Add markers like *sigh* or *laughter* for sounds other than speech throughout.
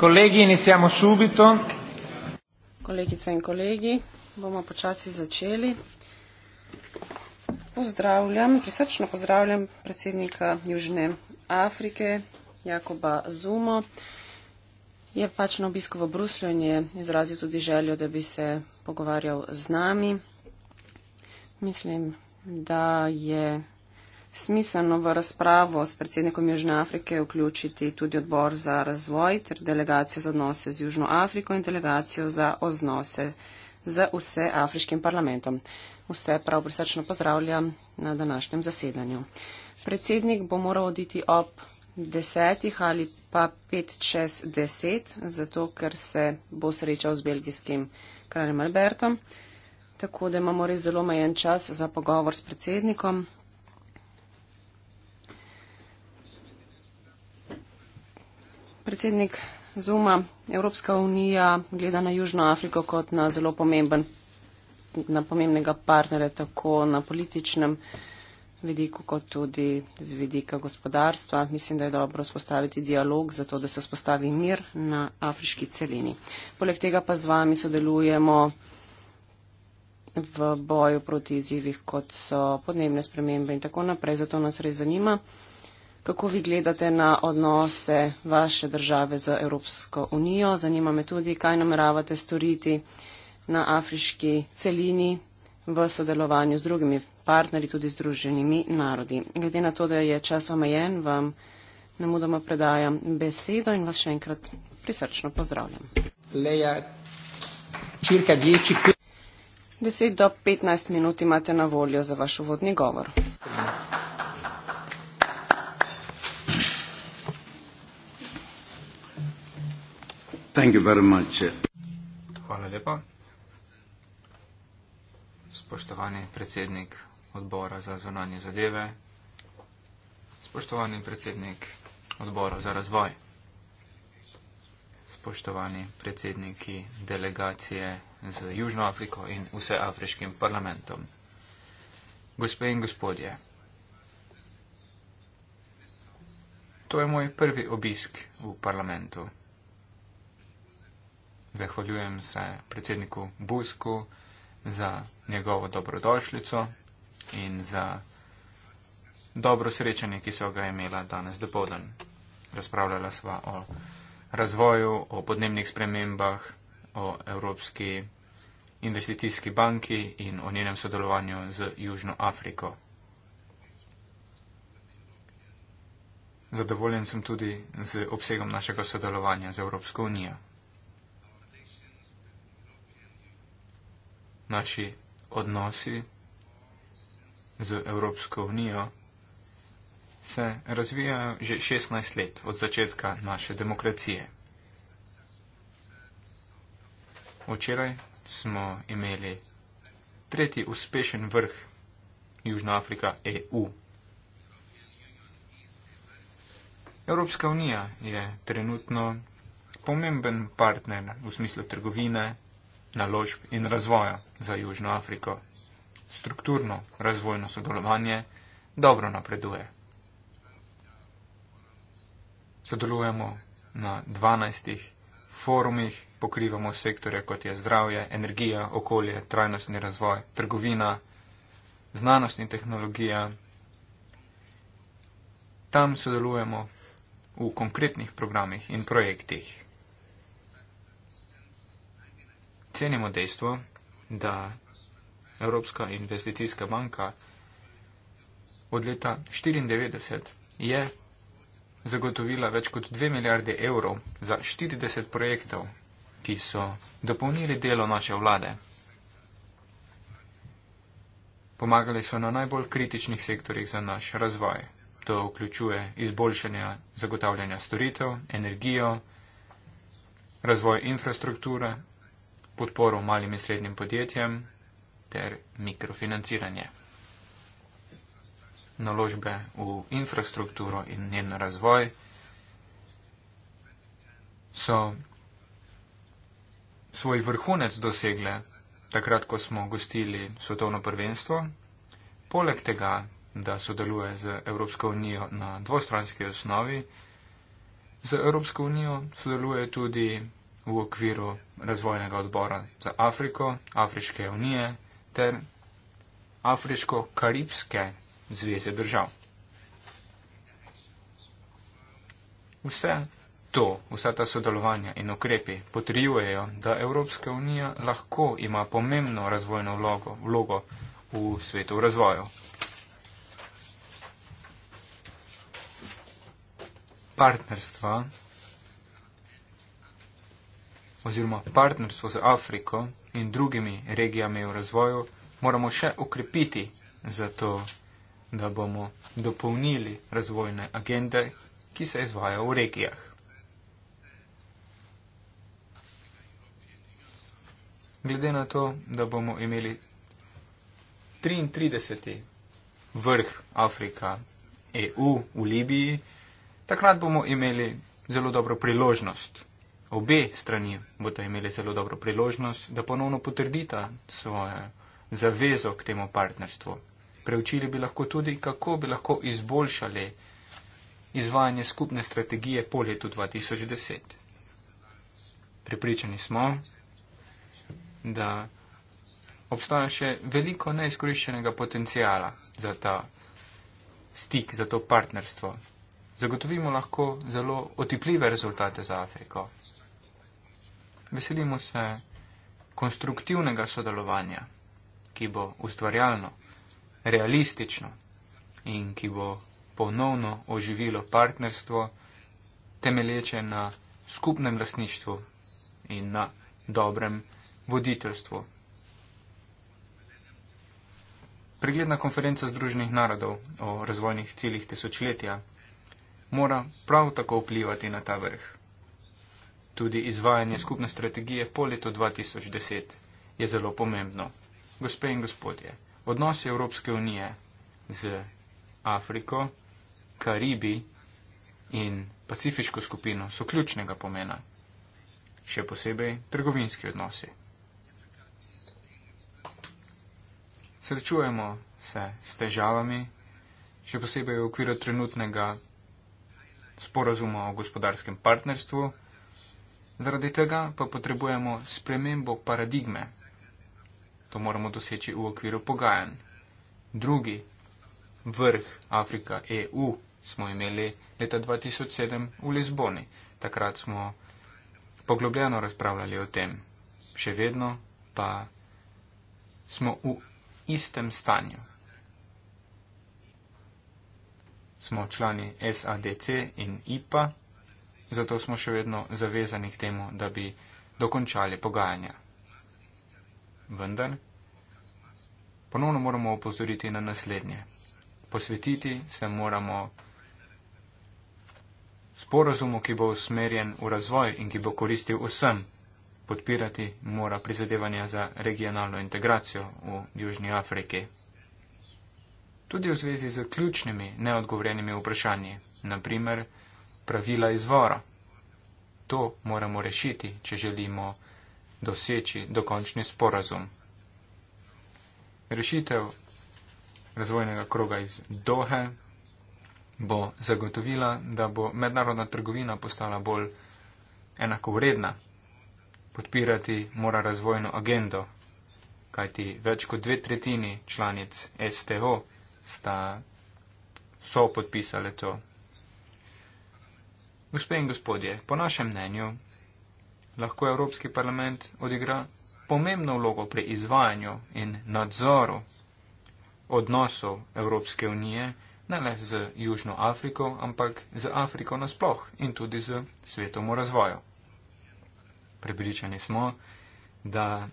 Colleghi, iniziamo subito. Kolegice in kolegi, bomo počasi začeli. Pozdravljam, prisrčno pozdravljam predsednika Južne Afrike, Jakoba Zumo. Je pač na obisku v Bruslju in je izrazil tudi željo, da bi se pogovarjal z nami. Mislim, da je smiselno v razpravo s predsednikom Južne Afrike vključiti tudi odbor za razvoj ter delegacijo za odnose z Južno Afriko in delegacijo za odnose z vse afriškim parlamentom. Vse prav prisrčno pozdravljam na današnjem zasedanju. Predsednik bo moral oditi ob desetih ali pa pet čez deset, zato ker se bo srečal z belgijskim kraljem Albertom. Tako da imamo res zelo majen čas za pogovor s predsednikom. predsednik Zuma, Evropska unija gleda na Južno Afriko kot na zelo pomemben, na pomembnega partnere, tako na političnem vidiku, kot tudi z vidika gospodarstva. Mislim, da je dobro spostaviti dialog, zato da se spostavi mir na afriški celini. Poleg tega pa z vami sodelujemo v boju proti izzivih, kot so podnebne spremembe in tako naprej. Zato nas res zanima. Kako vi gledate na odnose vaše države z Evropsko unijo? Zanima me tudi, kaj nameravate storiti na afriški celini v sodelovanju z drugimi partnerji, tudi z druženimi narodi. Glede na to, da je čas omejen, vam nemudoma predajam besedo in vas še enkrat prisrčno pozdravljam. Leja, čirka dječi... 10 do 15 minut imate na voljo za vaš uvodni govor. Thank you very much. Hvala lepa. Spoštovani predsednik odbora za zunanje zadeve, spoštovani predsednik odbora za razvoj, spoštovani predsedniki delegacije z Južno Afriko in vse afriškim parlamentom, gospe in gospodje. To je moj prvi obisk v parlamentu. Zahvaljujem se predsedniku Busku za njegovo dobrodošljico in za dobro srečanje, ki so ga imela danes dopoldan. Razpravljala sva o razvoju, o podnebnih spremembah, o Evropski investicijski banki in o njenem sodelovanju z Južno Afriko. Zadovoljen sem tudi z obsegom našega sodelovanja z Evropsko unijo. naši odnosi z Evropsko unijo se razvijajo že 16 let od začetka naše demokracije. Včeraj smo imeli tretji uspešen vrh Južna Afrika EU. Evropska unija je trenutno pomemben partner v smislu trgovine, naložb in razvoja za Južno Afriko. Strukturno razvojno sodelovanje dobro napreduje. Sodelujemo na 12 forumih, pokrivamo sektore kot je zdravje, energija, okolje, trajnostni razvoj, trgovina, znanost in tehnologija. Tam sodelujemo v konkretnih programih in projektih. cenimo dejstvo, da Evropska investicijska banka od leta 1994 je zagotovila več kot 2 milijarde evrov za 40 projektov, ki so dopolnili delo naše vlade. Pomagali so na najbolj kritičnih sektorjih za naš razvoj. To vključuje izboljšanje zagotavljanja storitev, energijo, razvoj infrastrukture podporo malim in srednjim podjetjem ter mikrofinanciranje. Naložbe v infrastrukturo in njen razvoj so svoj vrhunec dosegle takrat, ko smo gostili svetovno prvenstvo. Poleg tega, da sodeluje z Evropsko unijo na dvostranski osnovi, z Evropsko unijo sodeluje tudi v okviru razvojnega odbora za Afriko, Afriške unije ter Afriško-Karibske zveze držav. Vse to, vsa ta sodelovanja in ukrepi potrjujejo, da Evropska unija lahko ima pomembno razvojno vlogo, vlogo v svetu razvoju. Partnerstva oziroma partnerstvo z Afriko in drugimi regijami v razvoju moramo še ukrepiti za to, da bomo dopolnili razvojne agende, ki se izvaja v regijah. Glede na to, da bomo imeli 33. vrh Afrika EU v Libiji, takrat bomo imeli zelo dobro priložnost obe strani bodo imeli zelo dobro priložnost, da ponovno potrdita svojo zavezo k temu partnerstvu. Preučili bi lahko tudi, kako bi lahko izboljšali izvajanje skupne strategije po letu 2010. Pripričani smo, da obstaja še veliko neizkoriščenega potencijala za ta stik, za to partnerstvo. Zagotovimo lahko zelo otipljive rezultate za Afriko veselimo se konstruktivnega sodelovanja, ki bo ustvarjalno, realistično in ki bo ponovno oživilo partnerstvo, temelječe na skupnem lasništvu in na dobrem voditeljstvu. Pregledna konferenca Združenih narodov o razvojnih ciljih tisočletja mora prav tako vplivati na ta vrh. Tudi izvajanje skupne strategije po letu 2010 je zelo pomembno. Gospe in gospodje, odnosi Evropske unije z Afriko, Karibi in Pacifiško skupino so ključnega pomena, še posebej trgovinski odnosi. Srečujemo se s težavami, še posebej v okviru trenutnega sporazuma o gospodarskem partnerstvu. Zaradi tega pa potrebujemo spremembo paradigme. To moramo doseči v okviru pogajanj. Drugi vrh Afrika EU smo imeli leta 2007 v Lizboni. Takrat smo poglobljeno razpravljali o tem. Še vedno pa smo v istem stanju. Smo člani SADC in IPA zato smo še vedno zavezani k temu, da bi dokončali pogajanja. Vendar, ponovno moramo opozoriti na naslednje. Posvetiti se moramo sporozumu, ki bo usmerjen v razvoj in ki bo koristil vsem. Podpirati mora prizadevanja za regionalno integracijo v Južni Afriki. Tudi v zvezi z ključnimi neodgovorjenimi vprašanji, naprimer, pravila izvora. To moramo rešiti, če želimo doseči dokončni sporazum. Rešitev razvojnega kroga iz Dohe bo zagotovila, da bo mednarodna trgovina postala bolj enakovredna. Podpirati mora razvojno agendo, kajti več kot dve tretjini članic STO sta so podpisali to Gospe in gospodje, po našem mnenju lahko Evropski parlament odigra pomembno vlogo pri izvajanju in nadzoru odnosov Evropske unije, ne le z Južno Afriko, ampak z Afriko nasploh in tudi z svetom v razvoju. Prepričani smo, da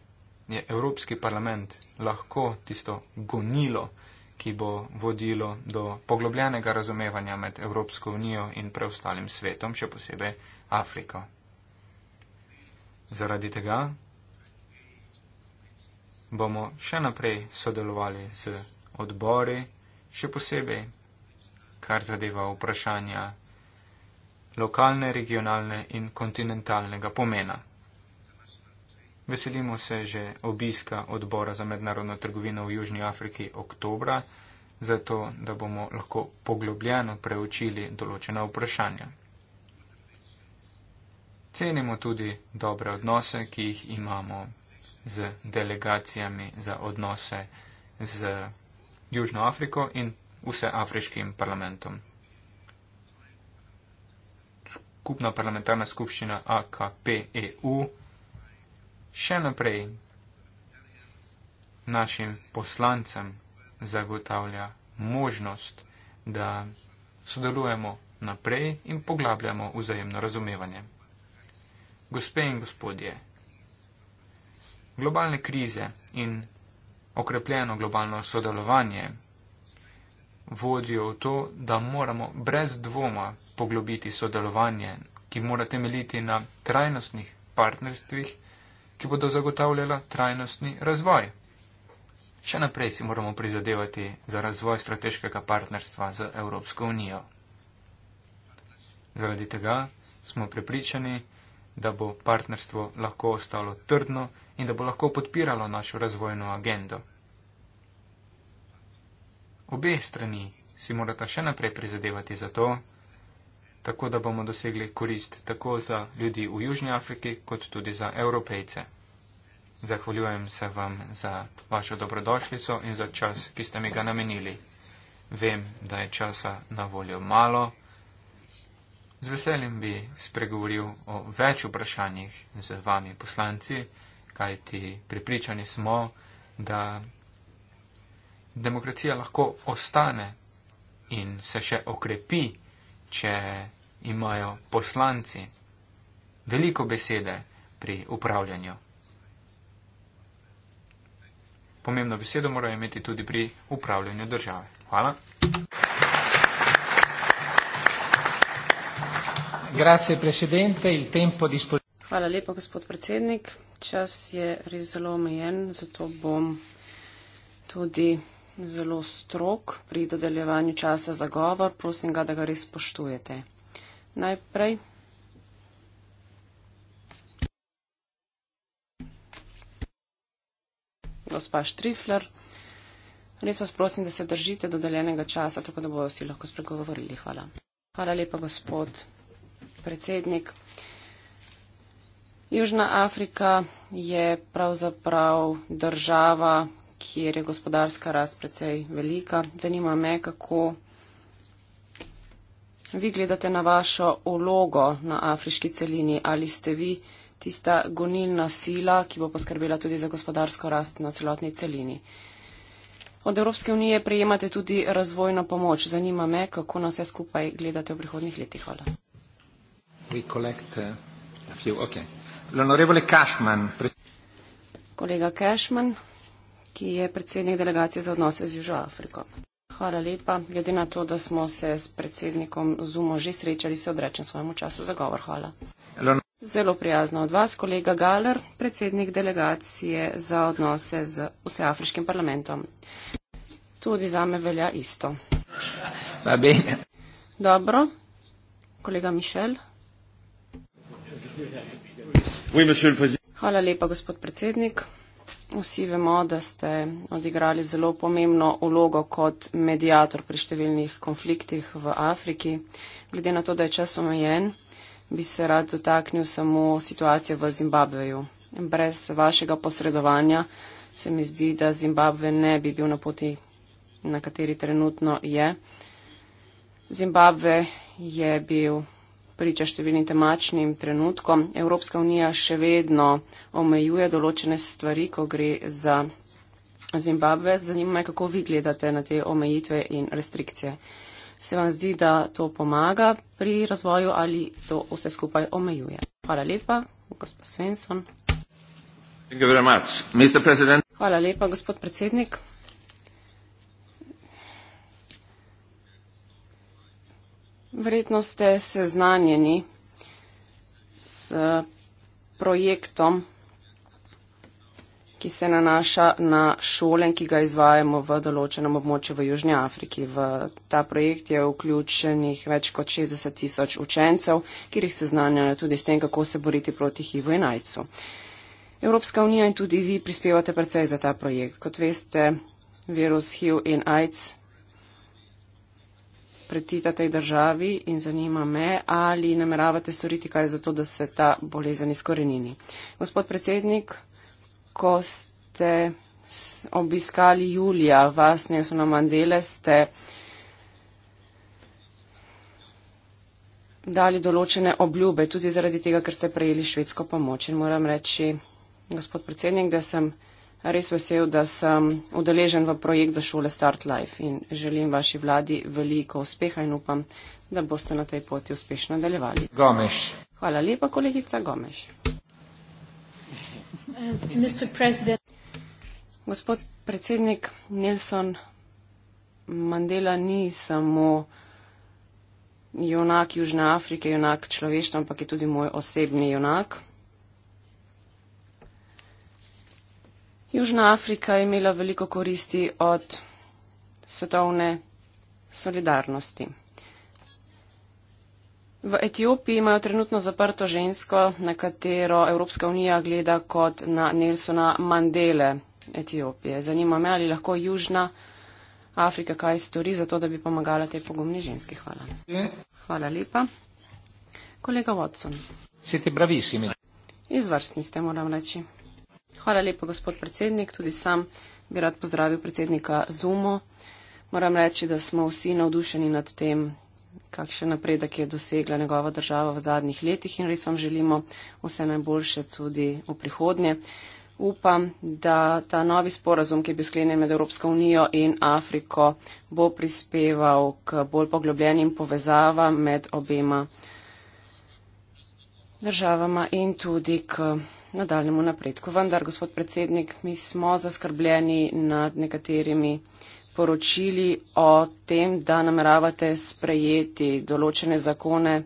je Evropski parlament lahko tisto gonilo, ki bo vodilo do poglobljenega razumevanja med Evropsko unijo in preostalim svetom, še posebej Afriko. Zaradi tega bomo še naprej sodelovali z odbori, še posebej, kar zadeva vprašanja lokalne, regionalne in kontinentalnega pomena. Veselimo se že obiska odbora za mednarodno trgovino v Južni Afriki oktobra, zato da bomo lahko poglobljeno preučili določena vprašanja. Cenimo tudi dobre odnose, ki jih imamo z delegacijami za odnose z Južno Afriko in vse afriškim parlamentom. Skupna parlamentarna skupščina AKP-EU še naprej našim poslancem zagotavlja možnost, da sodelujemo naprej in poglabljamo vzajemno razumevanje. Gospe in gospodje, globalne krize in okrepljeno globalno sodelovanje vodijo v to, da moramo brez dvoma poglobiti sodelovanje, ki mora temeljiti na trajnostnih partnerstvih, ki bodo zagotavljala trajnostni razvoj. Še naprej si moramo prizadevati za razvoj strateškega partnerstva z Evropsko unijo. Zaradi tega smo prepričani, da bo partnerstvo lahko ostalo trdno in da bo lahko podpiralo našo razvojno agendo. Obe strani si morata še naprej prizadevati za to, tako da bomo dosegli korist tako za ljudi v Južni Afriki, kot tudi za evropejce. Zahvaljujem se vam za vašo dobrodošljico in za čas, ki ste mi ga namenili. Vem, da je časa na voljo malo. Z veseljem bi spregovoril o več vprašanjih z vami poslanci, kajti pripričani smo, da demokracija lahko ostane in se še okrepi, če imajo poslanci veliko besede pri upravljanju. Pomembno besedo morajo imeti tudi pri upravljanju države. Hvala. Grazie, presidente. Il tempo dispos- Hvala lepa, gospod predsednik. Čas je res zelo omejen, zato bom tudi zelo strok pri dodeljevanju časa za govor. Prosim ga, da ga res spoštujete najprej. Gospa Štrifler, res vas prosim, da se držite dodeljenega časa, tako da bojo vsi lahko spregovorili. Hvala. Hvala lepa, gospod predsednik. Južna Afrika je pravzaprav država, kjer je gospodarska rast precej velika. Zanima me, kako vi gledate na vašo ulogo na afriški celini? Ali ste vi tista gonilna sila, ki bo poskrbela tudi za gospodarsko rast na celotni celini? Od Evropske unije prejemate tudi razvojno pomoč. Zanima me, kako na vse skupaj gledate v prihodnih letih. Hvala. Uh, Kolega Cashman, ki je predsednik delegacije za odnose z Južno Afriko. Hvala lepa. Glede na to, da smo se s predsednikom Zumo že srečali, se odrečem svojemu času za govor. Hvala. Zelo prijazno od vas, kolega Galer, predsednik delegacije za odnose z vseafriškim parlamentom. Tudi za me velja isto. Dobro. Kolega Mišel. Hvala lepa, gospod predsednik vsi vemo, da ste odigrali zelo pomembno ulogo kot medijator pri številnih konfliktih v Afriki. Glede na to, da je čas omejen, bi se rad dotaknil samo situacije v Zimbabveju. Brez vašega posredovanja se mi zdi, da Zimbabve ne bi bil na poti, na kateri trenutno je. Zimbabve je bil priča številnim temačnim trenutkom. Evropska unija še vedno omejuje določene stvari, ko gre za Zimbabve. Zanima me, kako vi gledate na te omejitve in restrikcije. Se vam zdi, da to pomaga pri razvoju ali to vse skupaj omejuje? Hvala lepa, gospod Svensson. Hvala lepa, gospod predsednik. Verjetno ste seznanjeni s projektom, ki se nanaša na šole, ki ga izvajamo v določenem območju v Južnji Afriki. V ta projekt je vključenih več kot 60 tisoč učencev, ki jih seznanjajo tudi s tem, kako se boriti proti HIV-u in AIDS-u. Evropska unija in tudi vi prispevate predvsej za ta projekt. Kot veste, virus HIV in AIDS pretita tej državi in zanima me, ali nameravate storiti kaj za to, da se ta bolezen izkorenini. Gospod predsednik, ko ste obiskali Julija, vas Nelsona Mandele, ste dali določene obljube, tudi zaradi tega, ker ste prejeli švedsko pomoč. In moram reči, gospod predsednik, da sem res vesel, da sem udeležen v projekt za šole Start Life in želim vaši vladi veliko uspeha in upam, da boste na tej poti uspešno nadaljevali. Gomeš. Hvala lepa, kolegica Gomeš. Gospod predsednik Nelson Mandela ni samo junak Južne Afrike, junak človeštva, ampak je tudi moj osebni junak. Južna Afrika je imela veliko koristi od svetovne solidarnosti. V Etiopiji imajo trenutno zaprto žensko, na katero Evropska unija gleda kot na Nelsona Mandele Etiopije. Zanima me, ali lahko Južna Afrika kaj stori za to, da bi pomagala tej pogumni ženski. Hvala. Hvala lepa. Kolega Watson. Siete bravissimi. Izvrstni ste, moram reči. Hvala lepa, gospod predsednik. Tudi sam bi rad pozdravil predsednika ZUMO. Moram reči, da smo vsi navdušeni nad tem, kakšen napredek je dosegla njegova država v zadnjih letih in res vam želimo vse najboljše tudi v prihodnje. Upam, da ta novi sporazum, ki je bil sklenjen med Evropsko unijo in Afriko, bo prispeval k bolj poglobljenim povezavam med obema državama in tudi k nadaljemu napredku. Vendar, gospod predsednik, mi smo zaskrbljeni nad nekaterimi poročili o tem, da nameravate sprejeti določene zakone,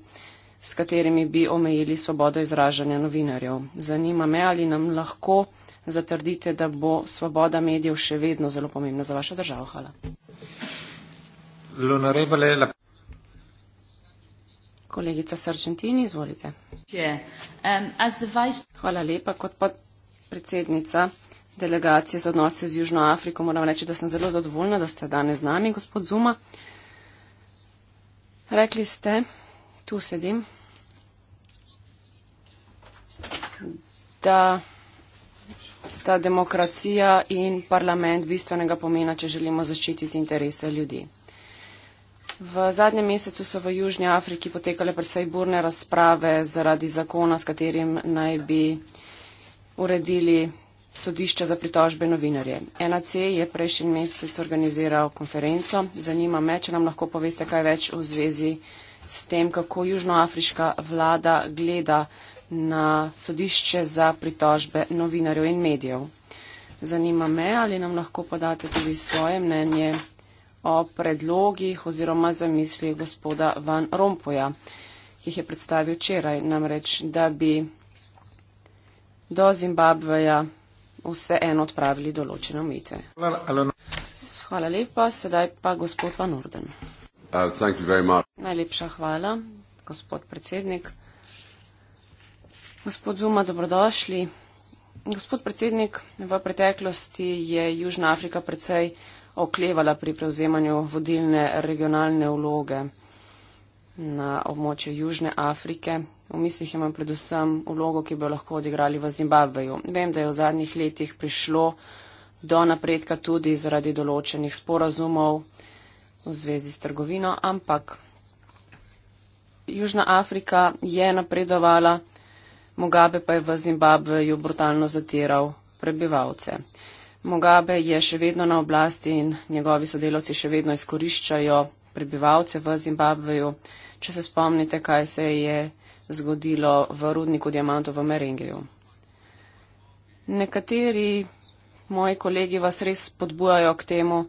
s katerimi bi omejili svobodo izražanja novinarjev. Zanima me, ali nam lahko zatrdite, da bo svoboda medijev še vedno zelo pomembna za vašo državo. Hvala. Lunarebele, lepo. Kolegica Sargentini, izvolite. Um, Hvala lepa. Kot podpredsednica delegacije za odnose z Južno Afriko moram reči, da sem zelo zadovoljna, da ste danes z nami, gospod Zuma. Rekli ste, tu sedim, da sta demokracija in parlament bistvenega pomena, če želimo zaščititi interese ljudi. V zadnjem mesecu so v Južnji Afriki potekale predvsej burne razprave zaradi zakona, s katerim naj bi uredili sodišča za pritožbe novinarje. NAC je prejšnji mesec organiziral konferenco. Zanima me, če nam lahko poveste kaj več v zvezi s tem, kako južnoafriška vlada gleda na sodišče za pritožbe novinarjev in medijev. Zanima me, ali nam lahko podate tudi svoje mnenje o predlogih oziroma zamisli gospoda Van Rompoja, ki jih je predstavil včeraj, namreč, da bi do Zimbabveja vse eno odpravili določene omejitve. Hvala lepa, sedaj pa gospod Van Orden. Uh, Najlepša hvala, gospod predsednik. Gospod Zuma, dobrodošli. Gospod predsednik, v preteklosti je Južna Afrika precej oklevala pri prevzemanju vodilne regionalne vloge na območju Južne Afrike. V mislih imam predvsem vlogo, ki bi jo lahko odigrali v Zimbabveju. Vem, da je v zadnjih letih prišlo do napredka tudi zaradi določenih sporazumov v zvezi s trgovino, ampak Južna Afrika je napredovala, Mugabe pa je v Zimbabveju brutalno zatiral prebivalce. Mogabe je še vedno na oblasti in njegovi sodelavci še vedno izkoriščajo prebivalce v Zimbabveju. Če se spomnite, kaj se je zgodilo v rudniku diamantov v Merengeju. Nekateri moji kolegi vas res podbujajo k temu,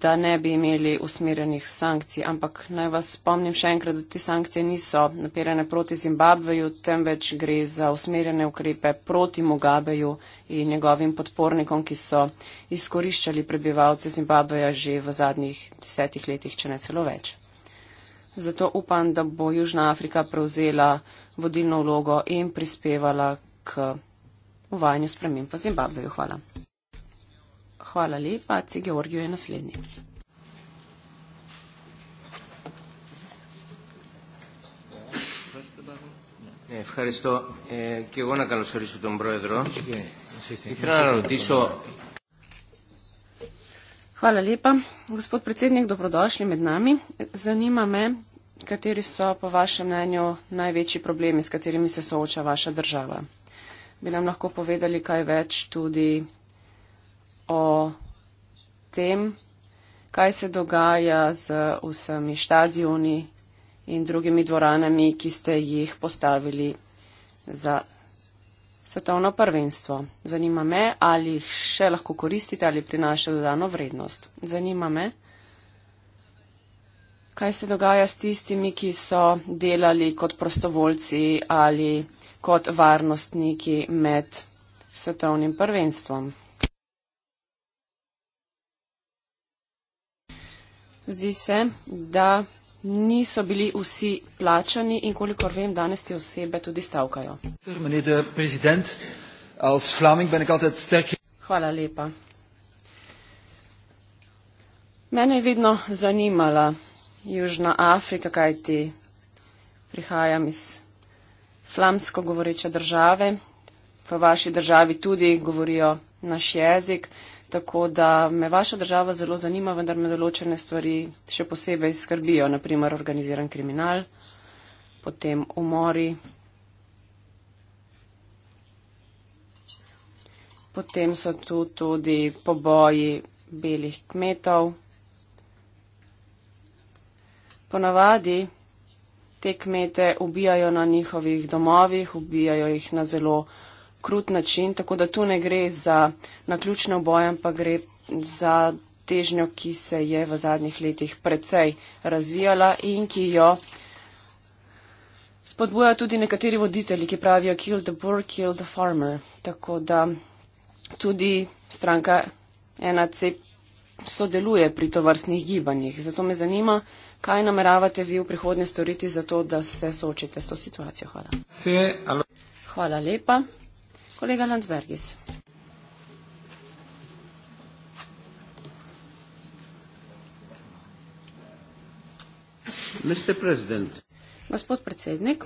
da ne bi imeli usmerjenih sankcij. Ampak naj vas spomnim še enkrat, da te sankcije niso napirene proti Zimbabveju, temveč gre za usmerjene ukrepe proti Mugabeju in njegovim podpornikom, ki so izkoriščali prebivalce Zimbabveja že v zadnjih desetih letih, če ne celo več. Zato upam, da bo Južna Afrika prevzela vodilno vlogo in prispevala k uvajanju sprememb v Zimbabveju. Hvala. Hvala lepa. C. Georgijo je naslednji. Eh, eh, ¿eh? Hvala lepa. Gospod predsednik, dobrodošli med nami. Zanima me, kateri so po vašem mnenju največji problemi, s katerimi se sooča vaša država. Bi nam lahko povedali kaj več tudi o tem, kaj se dogaja z vsemi stadioni in drugimi dvoranami, ki ste jih postavili za svetovno prvenstvo. Zanima me, ali jih še lahko koristite ali prinaša dodano vrednost. Zanima me, kaj se dogaja s tistimi, ki so delali kot prostovoljci ali kot varnostniki med svetovnim prvenstvom. Zdi se, da niso bili vsi plačani in kolikor vem, danes te osebe tudi stavkajo. Hvala lepa. Mene je vedno zanimala Južna Afrika, kaj ti prihajam iz flamsko govoreče države. V vaši državi tudi govorijo naš jezik. Tako da me vaša država zelo zanima, vendar me določene stvari še posebej skrbijo, naprimer organiziran kriminal, potem umori, potem so tu tudi poboji belih kmetov. Ponavadi te kmete ubijajo na njihovih domovih, ubijajo jih na zelo krut način, tako da tu ne gre za naključno boj, ampak gre za težnjo, ki se je v zadnjih letih precej razvijala in ki jo spodbuja tudi nekateri voditelji, ki pravijo kill the poor, kill the farmer. Tako da tudi stranka NAC sodeluje pri tovrstnih gibanjih. Zato me zanima, kaj nameravate vi v prihodnje storiti za to, da se soočite s to situacijo. Hvala. Hvala lepa kolega Landsbergis. Gospod predsednik,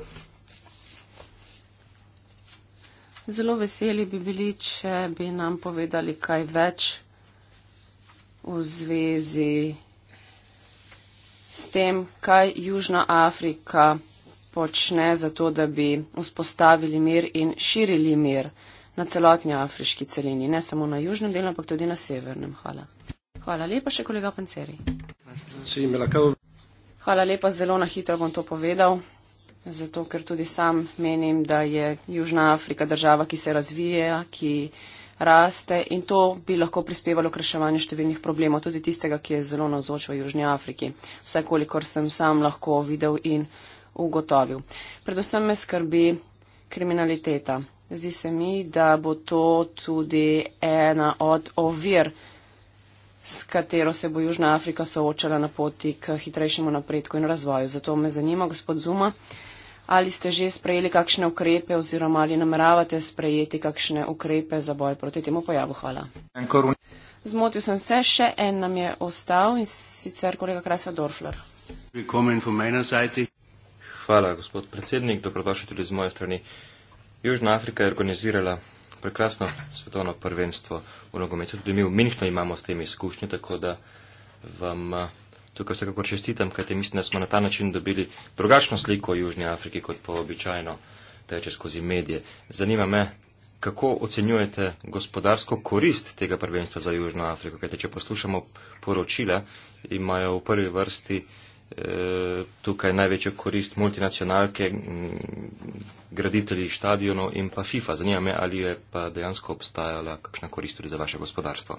zelo veseli bi bili, če bi nam povedali kaj več v zvezi s tem, kaj Južna Afrika počne za to, da bi vzpostavili mir in širili mir na celotni afriški celini, ne samo na južnem delu, ampak tudi na severnem. Hvala. Hvala lepa še kolega Panceri. Hvala lepa, zelo na hitro bom to povedal, zato ker tudi sam menim, da je Južna Afrika država, ki se razvije, ki raste in to bi lahko prispevalo k reševanju številnih problemov, tudi tistega, ki je zelo nazoč v Južni Afriki. Vsekolikor sem sam lahko videl in ugotovil. Predvsem me skrbi kriminaliteta. Zdi se mi, da bo to tudi ena od ovir, s katero se bo Južna Afrika soočala na poti k hitrejšemu napredku in razvoju. Zato me zanima, gospod Zuma, ali ste že sprejeli kakšne ukrepe oziroma ali nameravate sprejeti kakšne ukrepe za boj proti temu pojavu. Hvala. Zmotil sem se, še en nam je ostal in sicer kolega Krasa Dorfler. Hvala, gospod predsednik. Dobrodošli tudi z moje strani. Južna Afrika je organizirala prekrasno svetovno prvenstvo v nogometu. Tudi mi v Minhnu imamo s tem izkušnje, tako da vam eh, tukaj vsekakor čestitam, kajte mislim, da smo na ta način dobili drugačno sliko o Južni Afriki, kot po običajno teče skozi medije. Zanima me, kako ocenjujete gospodarsko korist tega prvenstva za Južno Afriko, kajte če poslušamo poročila, imajo v prvi vrsti tukaj največjo korist multinacionalke, mm, graditelji stadionov in pa FIFA. Zanima me, ali je pa dejansko obstajala kakšna korist tudi za vaše gospodarstvo.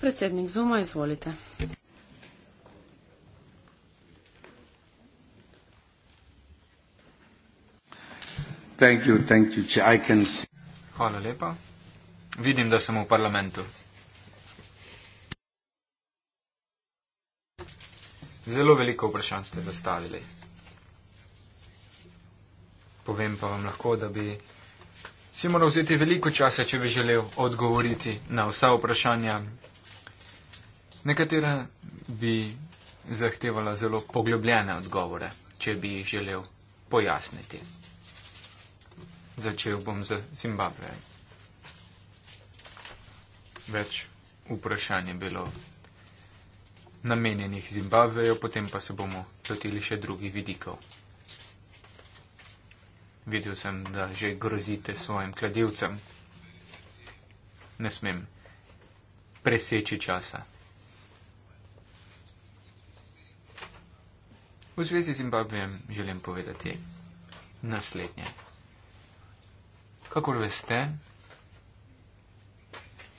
Predsednik Zuma, izvolite. Hvala lepa. Vidim, da sem v parlamentu. Zelo veliko vprašanj ste zastavili. Povem pa vam lahko, da bi si moral vzeti veliko časa, če bi želel odgovoriti na vsa vprašanja. Nekatera bi zahtevala zelo poglobljene odgovore, če bi jih želel pojasniti. Začel bom z Zimbabvejem. Več vprašanj je bilo namenjenih Zimbabveju, potem pa se bomo lotili še drugih vidikov. Videl sem, da že grozite svojim kladivcem. Ne smem preseči časa. V zvezi z Zimbabvem želim povedati naslednje. Kakor veste,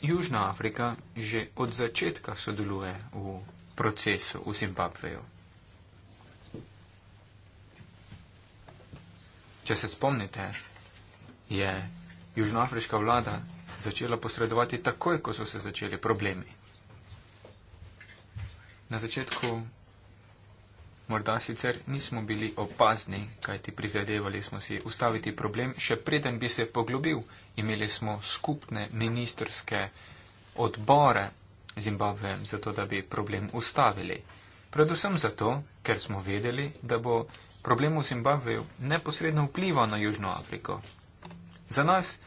Južna Afrika že od začetka sodeluje v procesu v Zimbabveju. Če se spomnite, je južnoafriška vlada začela posredovati takoj, ko so se začeli problemi. Na začetku morda sicer nismo bili opazni, kajti prizadevali smo si ustaviti problem, še preden bi se poglobil, imeli smo skupne ministerske odbore Zimbabvem, zato da bi problem ustavili. Predvsem zato, ker smo vedeli, da bo problem v Zimbabveju neposredno vplival na Južno Afriko. Za nas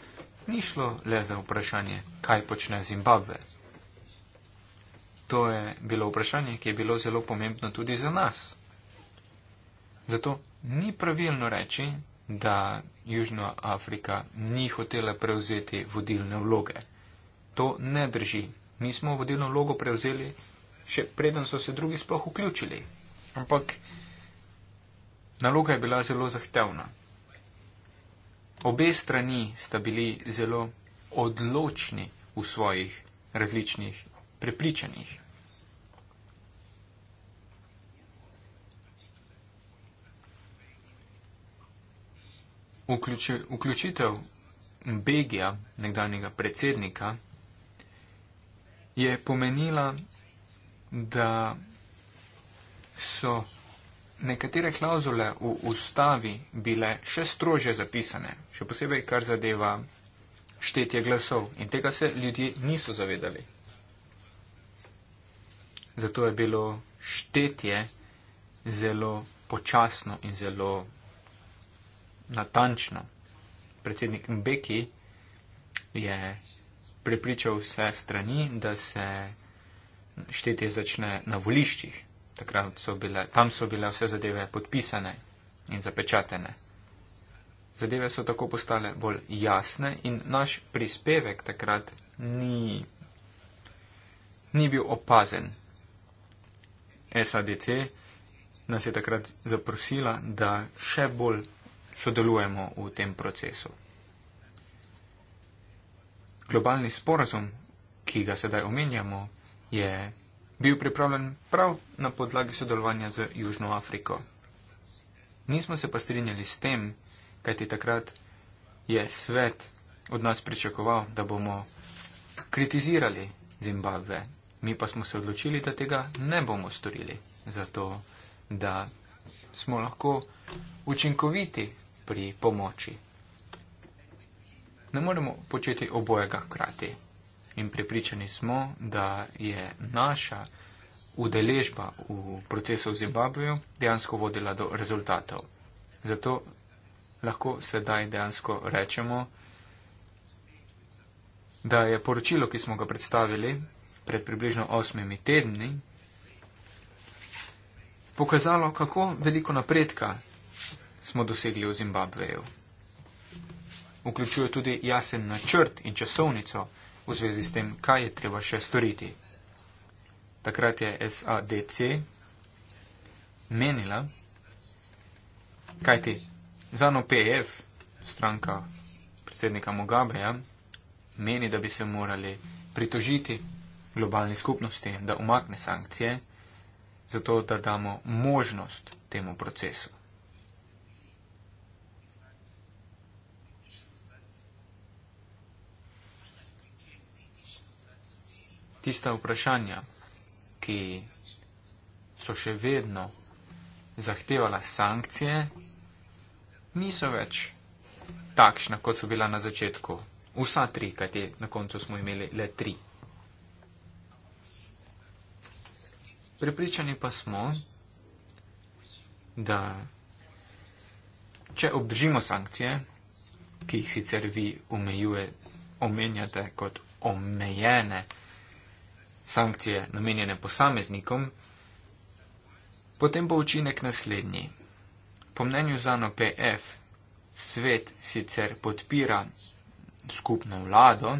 ni šlo le za vprašanje, kaj počne Zimbabve. To je bilo vprašanje, ki je bilo zelo pomembno tudi za nas. Zato ni pravilno reči, da Južna Afrika ni hotela prevzeti vodilne vloge. To ne drži. Mi smo vodilno vlogo prevzeli, še preden so se drugi sploh vključili. Ampak naloga je bila zelo zahtevna. Obe strani sta bili zelo odločni v svojih različnih prepričanjih. Vključitev Begija, nekdanjega predsednika, je pomenila, da so nekatere klauzule v ustavi bile še strože zapisane, še posebej kar zadeva štetje glasov in tega se ljudje niso zavedali. Zato je bilo štetje zelo počasno in zelo natančno. Predsednik Mbeki je prepričal vse strani, da se štetje začne na voliščih. So bile, tam so bile vse zadeve podpisane in zapečatene. Zadeve so tako postale bolj jasne in naš prispevek takrat ni, ni bil opazen. SADC nas je takrat zaprosila, da še bolj sodelujemo v tem procesu globalni sporazum, ki ga sedaj omenjamo, je bil pripravljen prav na podlagi sodelovanja z Južno Afriko. Nismo se pa strinjali s tem, kajti takrat je svet od nas pričakoval, da bomo kritizirali Zimbabve. Mi pa smo se odločili, da tega ne bomo storili, zato da smo lahko učinkoviti pri pomoči ne moremo početi obojega hkrati. In prepričani smo, da je naša udeležba v procesu v Zimbabveju dejansko vodila do rezultatov. Zato lahko sedaj dejansko rečemo, da je poročilo, ki smo ga predstavili pred približno osmimi tedni, pokazalo, kako veliko napredka smo dosegli v Zimbabveju vključuje tudi jasen načrt in časovnico v zvezi s tem, kaj je treba še storiti. Takrat je SADC menila, kajti Zano PF, stranka predsednika Mugabeja, meni, da bi se morali pritožiti globalni skupnosti, da umakne sankcije, zato da damo možnost temu procesu. tista vprašanja, ki so še vedno zahtevala sankcije, niso več takšna, kot so bila na začetku. Vsa tri, kajti na koncu smo imeli le tri. Pripričani pa smo, da če obdržimo sankcije, ki jih sicer vi omejujete, omenjate kot omejene, sankcije namenjene posameznikom, potem bo učinek naslednji. Po mnenju Zano PF svet sicer podpira skupno vlado,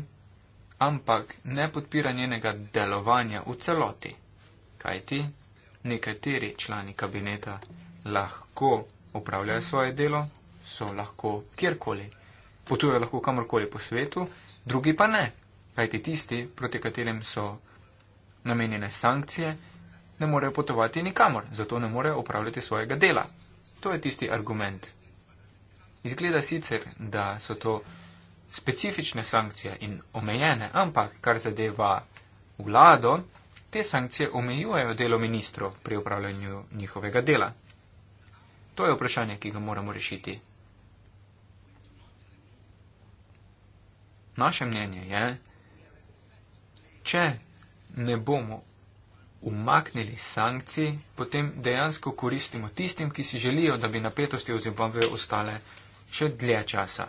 ampak ne podpira njenega delovanja v celoti, kajti nekateri člani kabineta lahko upravljajo svoje delo, so lahko kjerkoli, potujejo lahko kamorkoli po svetu, drugi pa ne, kajti tisti, proti katerim so namenjene sankcije, ne morejo potovati nikamor, zato ne morejo upravljati svojega dela. To je tisti argument. Izgleda sicer, da so to specifične sankcije in omejene, ampak kar zadeva vlado, te sankcije omejujejo delo ministrov pri upravljanju njihovega dela. To je vprašanje, ki ga moramo rešiti. Naše mnenje je, če ne bomo umaknili sankcij, potem dejansko koristimo tistim, ki si želijo, da bi napetosti v Zimbabveju ostale še dlje časa.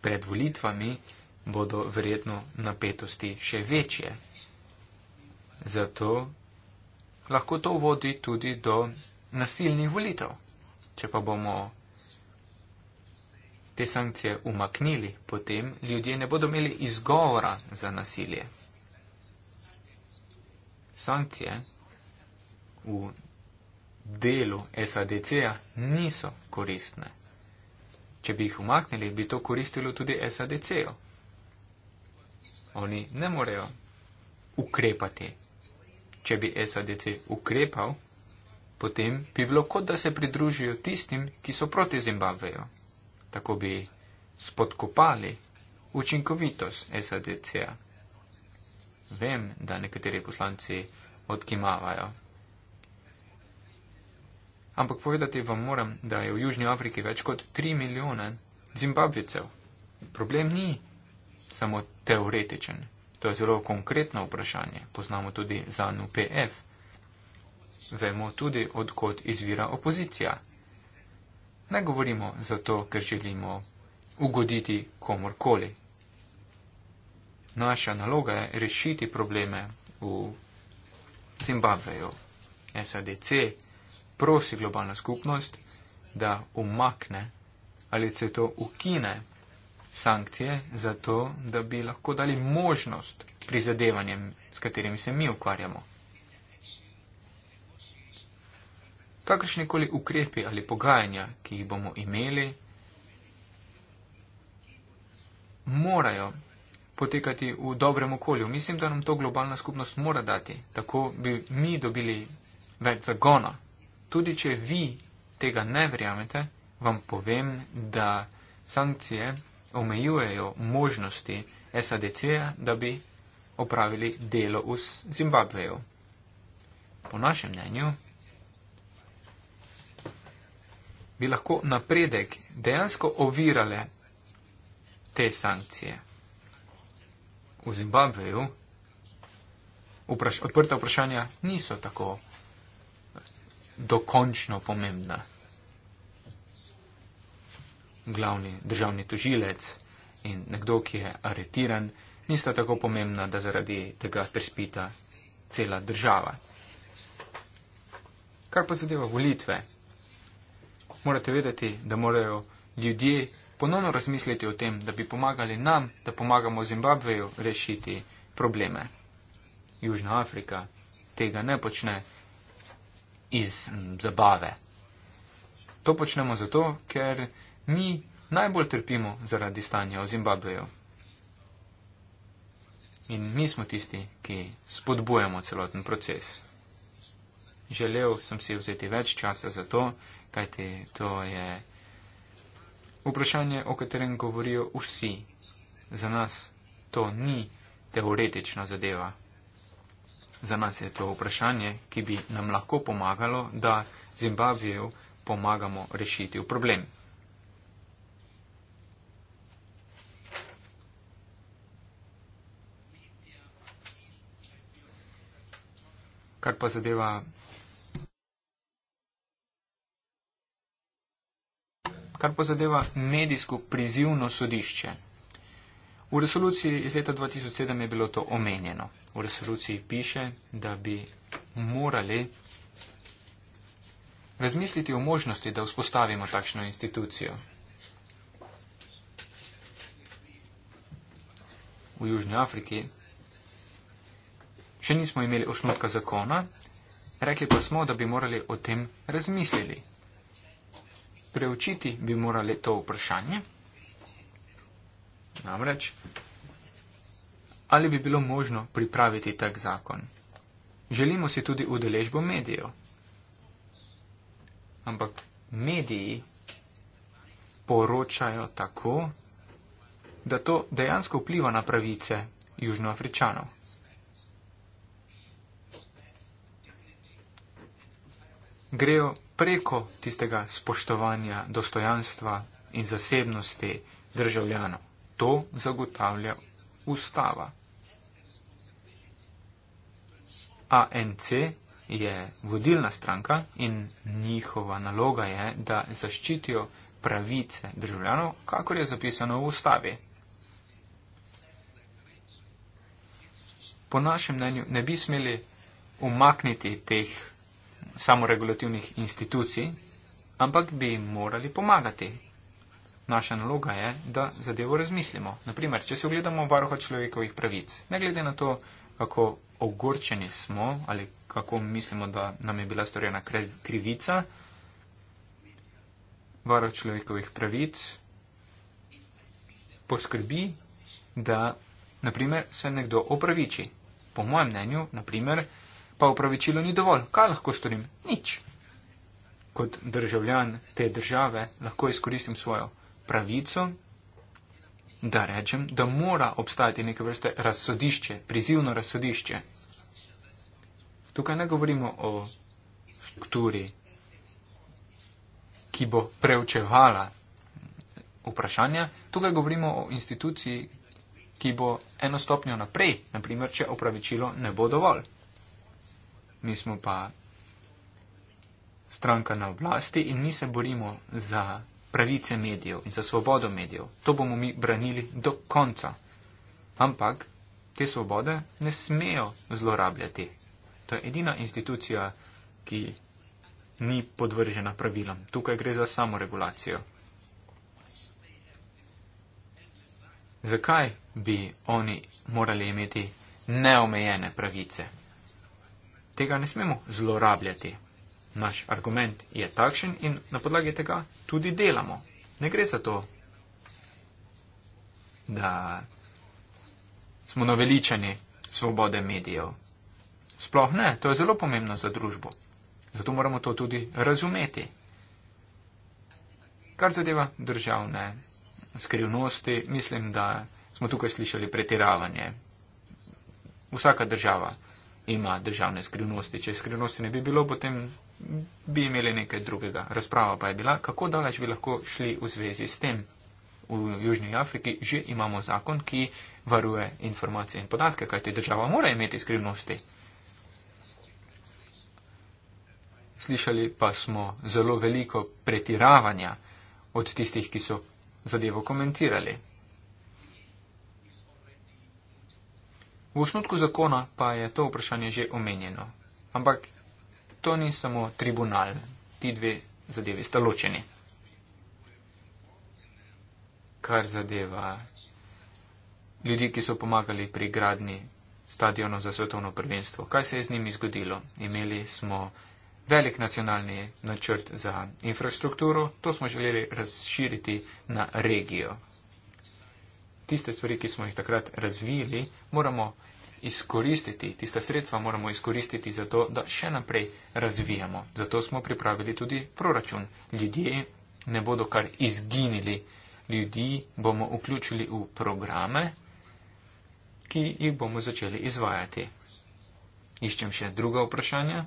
Pred volitvami bodo verjetno napetosti še večje. Zato lahko to vodi tudi do nasilnih volitev. Če pa bomo te sankcije umaknili, potem ljudje ne bodo imeli izgovora za nasilje. Sankcije v delu SADC-ja niso koristne. Če bi jih umaknili, bi to koristilo tudi SADC-ju. Oni ne morejo ukrepati. Če bi SADC ukrepal, potem bi bilo kot, da se pridružijo tistim, ki so proti Zimbabveju tako bi spodkopali učinkovitost SADC-a. Vem, da nekateri poslanci odkimavajo. Ampak povedati vam moram, da je v Južni Afriki več kot 3 milijone Zimbabvicev. Problem ni samo teoretičen, to je zelo konkretno vprašanje. Poznamo tudi ZANU PF. Vemo tudi, odkot izvira opozicija. Ne govorimo zato, ker želimo ugoditi komorkoli. Naša naloga je rešiti probleme v Zimbabveju. SADC prosi globalno skupnost, da umakne ali se to ukine sankcije, zato da bi lahko dali možnost prizadevanjem, s katerimi se mi ukvarjamo. kakršne koli ukrepe ali pogajanja, ki jih bomo imeli, morajo potekati v dobrem okolju. Mislim, da nam to globalna skupnost mora dati, tako bi mi dobili več zagona. Tudi če vi tega ne verjamete, vam povem, da sankcije omejujejo možnosti SADC-ja, da bi opravili delo v Zimbabveju. Po našem mnenju, bi lahko napredek dejansko ovirale te sankcije. V Zimbabveju vpraš odprta vprašanja niso tako dokončno pomembna. Glavni državni tožilec in nekdo, ki je aretiran, nista tako pomembna, da zaradi tega trpita cela država. Kar pa zadeva volitve, morate vedeti, da morajo ljudje ponovno razmisliti o tem, da bi pomagali nam, da pomagamo Zimbabveju rešiti probleme. Južna Afrika tega ne počne iz zabave. To počnemo zato, ker mi najbolj trpimo zaradi stanja v Zimbabveju. In mi smo tisti, ki spodbujamo celoten proces. Želel sem si vzeti več časa za to, kajti to je vprašanje, o katerem govorijo vsi. Za nas to ni teoretična zadeva. Za nas je to vprašanje, ki bi nam lahko pomagalo, da Zimbabveju pomagamo rešiti v problem. Kar pa zadeva kar pa zadeva medijsko prizivno sodišče. V resoluciji iz leta 2007 je bilo to omenjeno. V resoluciji piše, da bi morali razmisliti o možnosti, da vzpostavimo takšno institucijo. V Južnji Afriki še nismo imeli osnutka zakona, rekli pa smo, da bi morali o tem razmisliti preučiti bi morali to vprašanje. Namreč, ali bi bilo možno pripraviti tak zakon? Želimo si tudi udeležbo medijev. Ampak mediji poročajo tako, da to dejansko vpliva na pravice južnoafričanov. Grejo preko tistega spoštovanja dostojanstva in zasebnosti državljanov. To zagotavlja ustava. ANC je vodilna stranka in njihova naloga je, da zaščitijo pravice državljanov, kakor je zapisano v ustavi. Po našem mnenju ne bi smeli umakniti teh samoregulativnih institucij, ampak bi jim morali pomagati. Naša naloga je, da zadevo razmislimo. Naprimer, če se ogledamo varoha človekovih pravic, ne glede na to, kako ogorčeni smo ali kako mislimo, da nam je bila storjena krivica, varoh človekovih pravic poskrbi, da naprimer, se nekdo opraviči. Po mojem mnenju, naprimer, pa upravičilo ni dovolj. Kaj lahko storim? Nič. Kot državljan te države lahko izkoristim svojo pravico, da rečem, da mora obstajati neke vrste razsodišče, prizivno razsodišče. Tukaj ne govorimo o strukturi, ki bo preučevala vprašanja, tukaj govorimo o instituciji, ki bo eno stopnjo naprej, naprimer, če opravičilo ne bo dovolj mi smo pa stranka na oblasti in mi se borimo za pravice medijev in za svobodo medijev. To bomo mi branili do konca. Ampak te svobode ne smejo zlorabljati. To je edina institucija, ki ni podvržena pravilom. Tukaj gre za samoregulacijo. Zakaj bi oni morali imeti neomejene pravice? tega ne smemo zlorabljati. Naš argument je takšen in na podlagi tega tudi delamo. Ne gre za to, da smo naveličani svobode medijev. Sploh ne, to je zelo pomembno za družbo. Zato moramo to tudi razumeti. Kar zadeva državne skrivnosti, mislim, da smo tukaj slišali pretiravanje. Vsaka država ima državne skrivnosti. Če skrivnosti ne bi bilo, potem bi imeli nekaj drugega. Razprava pa je bila, kako daleč bi lahko šli v zvezi s tem. V Južni Afriki že imamo zakon, ki varuje informacije in podatke, kajti država mora imeti skrivnosti. Slišali pa smo zelo veliko pretiravanja od tistih, ki so zadevo komentirali. V osnutku zakona pa je to vprašanje že omenjeno. Ampak to ni samo tribunal. Ti dve zadeve sta ločeni. Kar zadeva ljudi, ki so pomagali pri gradni stadiona za svetovno prvenstvo. Kaj se je z njimi zgodilo? Imeli smo velik nacionalni načrt za infrastrukturo, to smo želeli razširiti na regijo tiste stvari, ki smo jih takrat razvili, moramo izkoristiti, tista sredstva moramo izkoristiti za to, da še naprej razvijamo. Zato smo pripravili tudi proračun. Ljudje ne bodo kar izginili. Ljudi bomo vključili v programe, ki jih bomo začeli izvajati. Iščem še druga vprašanja.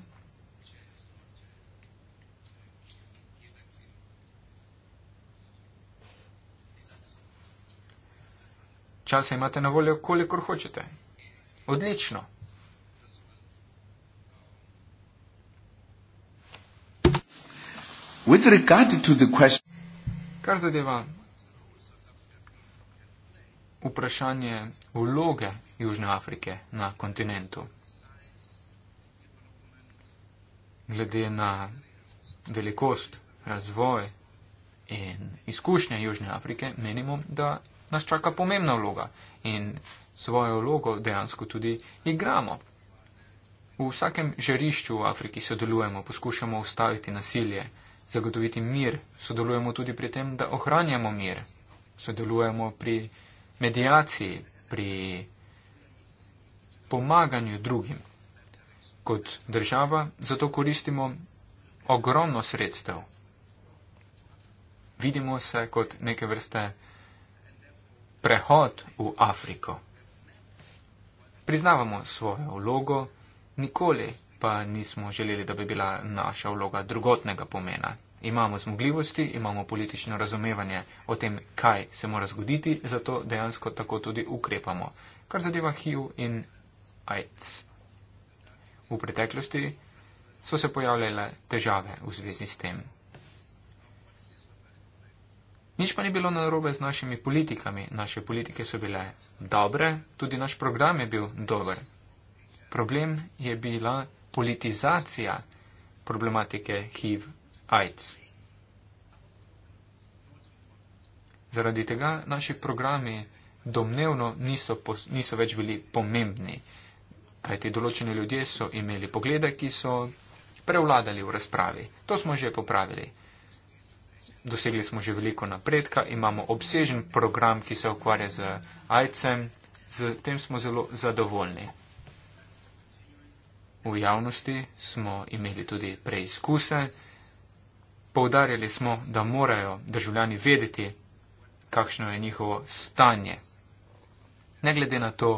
časa imate na voljo, kolikor hočete. Odlično. Kar zadeva vprašanje vloge Južne Afrike na kontinentu, glede na velikost, razvoj in izkušnje Južne Afrike, menimo, da nas čaka pomembna vloga in svojo vlogo dejansko tudi igramo. V vsakem žarišču v Afriki sodelujemo, poskušamo ustaviti nasilje, zagotoviti mir, sodelujemo tudi pri tem, da ohranjamo mir, sodelujemo pri medijaciji, pri pomaganju drugim. Kot država zato koristimo ogromno sredstev. Vidimo se kot neke vrste prehod v Afriko. Priznavamo svojo vlogo, nikoli pa nismo želeli, da bi bila naša vloga drugotnega pomena. Imamo zmogljivosti, imamo politično razumevanje o tem, kaj se mora zgoditi, zato dejansko tako tudi ukrepamo, kar zadeva HIV in AIDS. V preteklosti so se pojavljale težave v zvezi s tem. Nič pa ni bilo narobe z našimi politikami. Naše politike so bile dobre, tudi naš program je bil dober. Problem je bila politizacija problematike HIV-AIDS. Zaradi tega naši programi domnevno niso, niso več bili pomembni, kajti določeni ljudje so imeli poglede, ki so prevladali v razpravi. To smo že popravili dosegli smo že veliko napredka, imamo obsežen program, ki se ukvarja z AIDS-em, z tem smo zelo zadovoljni. V javnosti smo imeli tudi preizkuse, poudarjali smo, da morajo državljani vedeti, kakšno je njihovo stanje. Ne glede na to,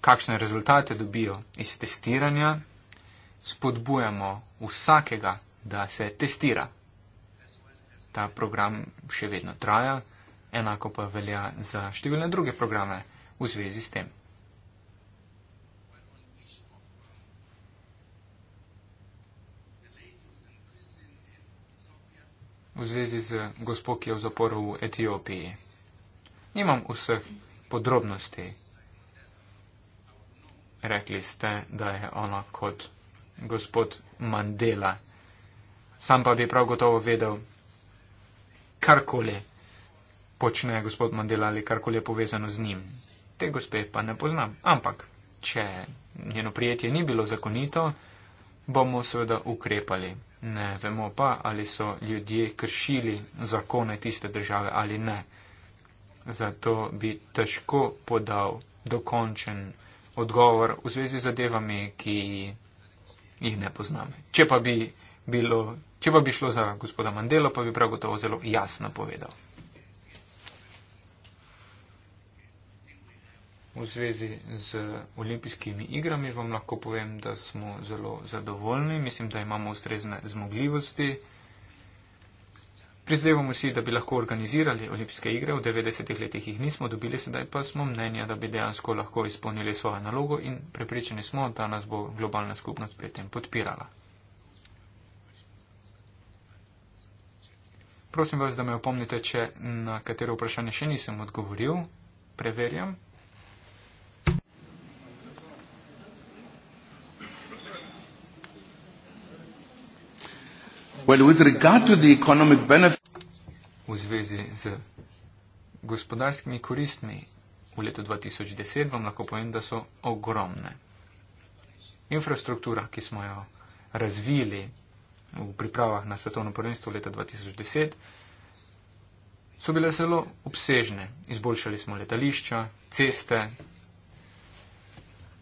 kakšne rezultate dobijo iz testiranja, spodbujamo vsakega, da se testira ta program še vedno traja, enako pa velja za številne druge programe v zvezi s tem. V zvezi z gospod, ki je v zaporu v Etiopiji. Nimam vseh podrobnosti. Rekli ste, da je ona kot gospod Mandela. Sam pa bi prav gotovo vedel, karkoli počne gospod Mandela ali karkoli je povezano z njim. Te gospe pa ne poznam. Ampak, če njeno prijetje ni bilo zakonito, bomo seveda ukrepali. Ne vemo pa, ali so ljudje kršili zakone tiste države ali ne. Zato bi težko podal dokončen odgovor v zvezi z zadevami, ki jih ne poznam. Če pa bi bilo, če pa bi šlo za gospoda Mandelo, pa bi prav gotovo zelo jasno povedal. V zvezi z olimpijskimi igrami vam lahko povem, da smo zelo zadovoljni, mislim, da imamo ustrezne zmogljivosti. Prizdevamo si, da bi lahko organizirali olimpijske igre, v 90-ih letih jih nismo dobili, sedaj pa smo mnenja, da bi dejansko lahko izpolnili svojo nalogo in prepričani smo, da nas bo globalna skupnost pri tem podpirala. Prosim vas, da me opomnite, če na katero vprašanje še nisem odgovoril. Preverjam. Well, with regard to the economic benefit. V zvezi z gospodarskimi koristmi v letu 2010 vam lahko povem, da so ogromne. Infrastruktura, ki smo jo razvili v pripravah na svetovno prvenstvo leta 2010, so bile zelo obsežne. Izboljšali smo letališča, ceste,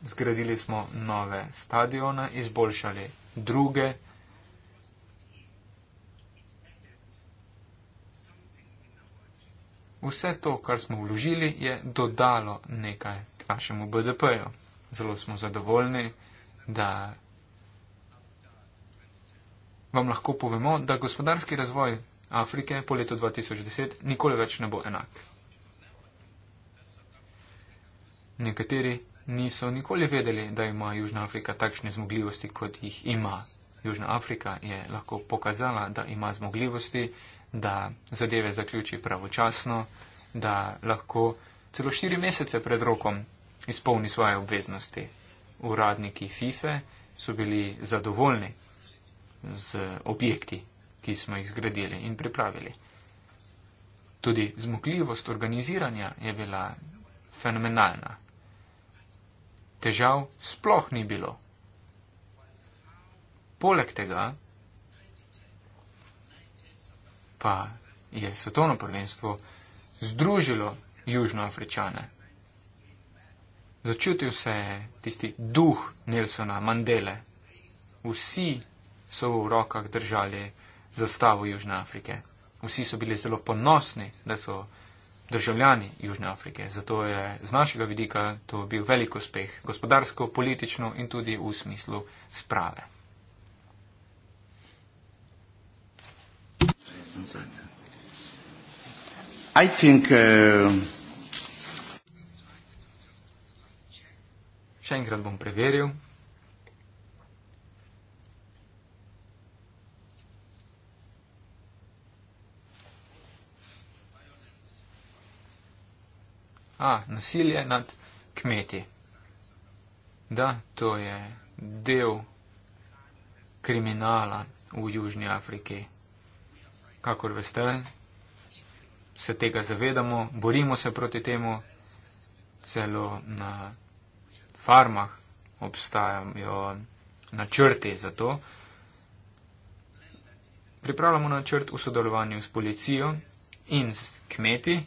zgradili smo nove stadione, izboljšali druge. Vse to, kar smo vložili, je dodalo nekaj k našemu BDP-ju. Zelo smo zadovoljni, da vam lahko povemo, da gospodarski razvoj Afrike po letu 2010 nikoli več ne bo enak. Nekateri niso nikoli vedeli, da ima Južna Afrika takšne zmogljivosti, kot jih ima. Južna Afrika je lahko pokazala, da ima zmogljivosti, da zadeve zaključi pravočasno, da lahko celo štiri mesece pred rokom izpolni svoje obveznosti. Uradniki FIFE so bili zadovoljni z objekti, ki smo jih zgradili in pripravili. Tudi zmogljivost organiziranja je bila fenomenalna. Težav sploh ni bilo. Poleg tega pa je svetovno prvenstvo združilo južnoafričane. Začutil se je tisti duh Nelsona Mandele. Vsi so v rokah držali zastavo Južne Afrike. Vsi so bili zelo ponosni, da so državljani Južne Afrike. Zato je z našega vidika to bil velik uspeh, gospodarsko, politično in tudi v smislu sprave. I think, uh... Še enkrat bom preveril. a, nasilje nad kmeti. Da, to je del kriminala v Južni Afriki. Kakor veste, se tega zavedamo, borimo se proti temu, celo na farmah obstajajo načrti za to. Pripravljamo načrt v sodelovanju s policijo in s kmeti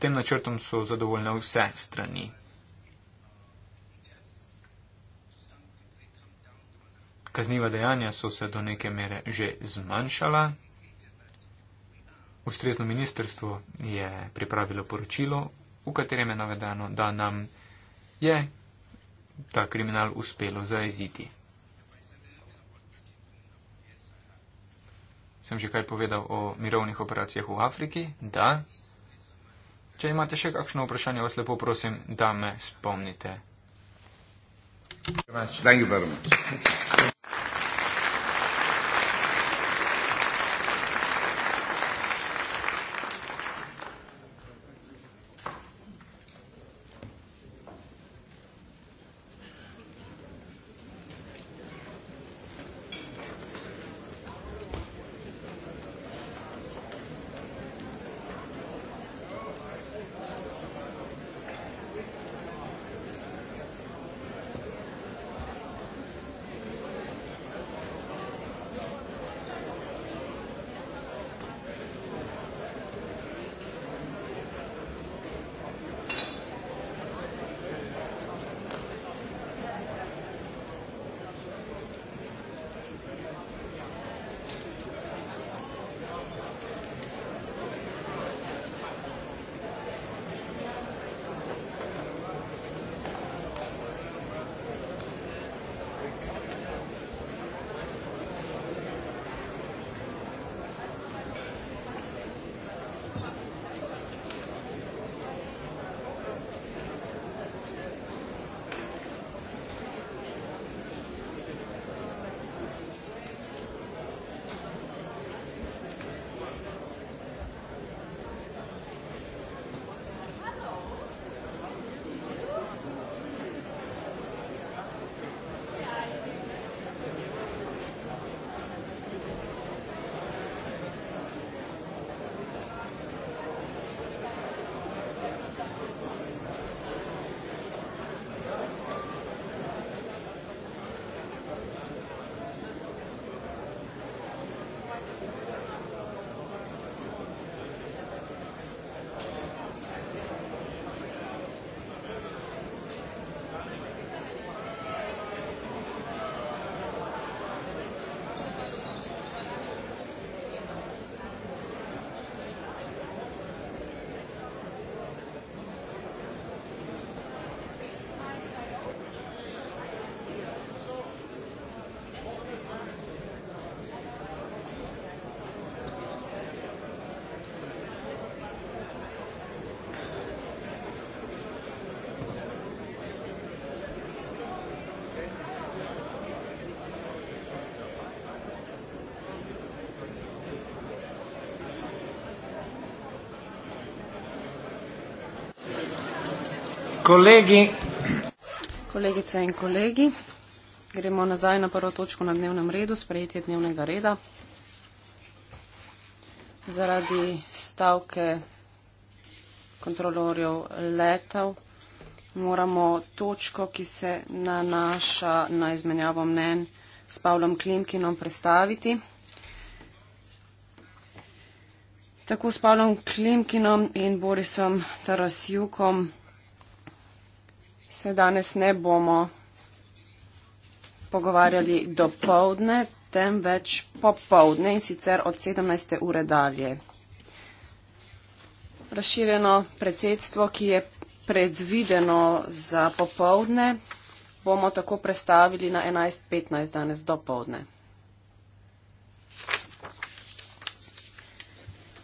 tem načrtom so zadovoljne vse strani. Kazniva dejanja so se do neke mere že zmanjšala. Ustrezno ministrstvo je pripravilo poročilo, v katerem je navedeno, da nam je ta kriminal uspelo zaeziti. Sem že kaj povedal o mirovnih operacijah v Afriki? Da, Če imate še kakšno vprašanje, vas lepo prosim, da me spomnite. Hvala. kolegi. Kolegice in kolegi, gremo nazaj na prvo točko na dnevnem redu, sprejetje dnevnega reda. Zaradi stavke kontrolorjev letov moramo točko, ki se nanaša na izmenjavo mnen s Pavlom Klimkinom, predstaviti. Tako s Pavlom Klimkinom in Borisom Tarasjukom se danes ne bomo pogovarjali do povdne, temveč popovdne in sicer od 17. ure dalje. Razširjeno predsedstvo, ki je predvideno za popovdne, bomo tako prestavili na 11.15 danes do povdne.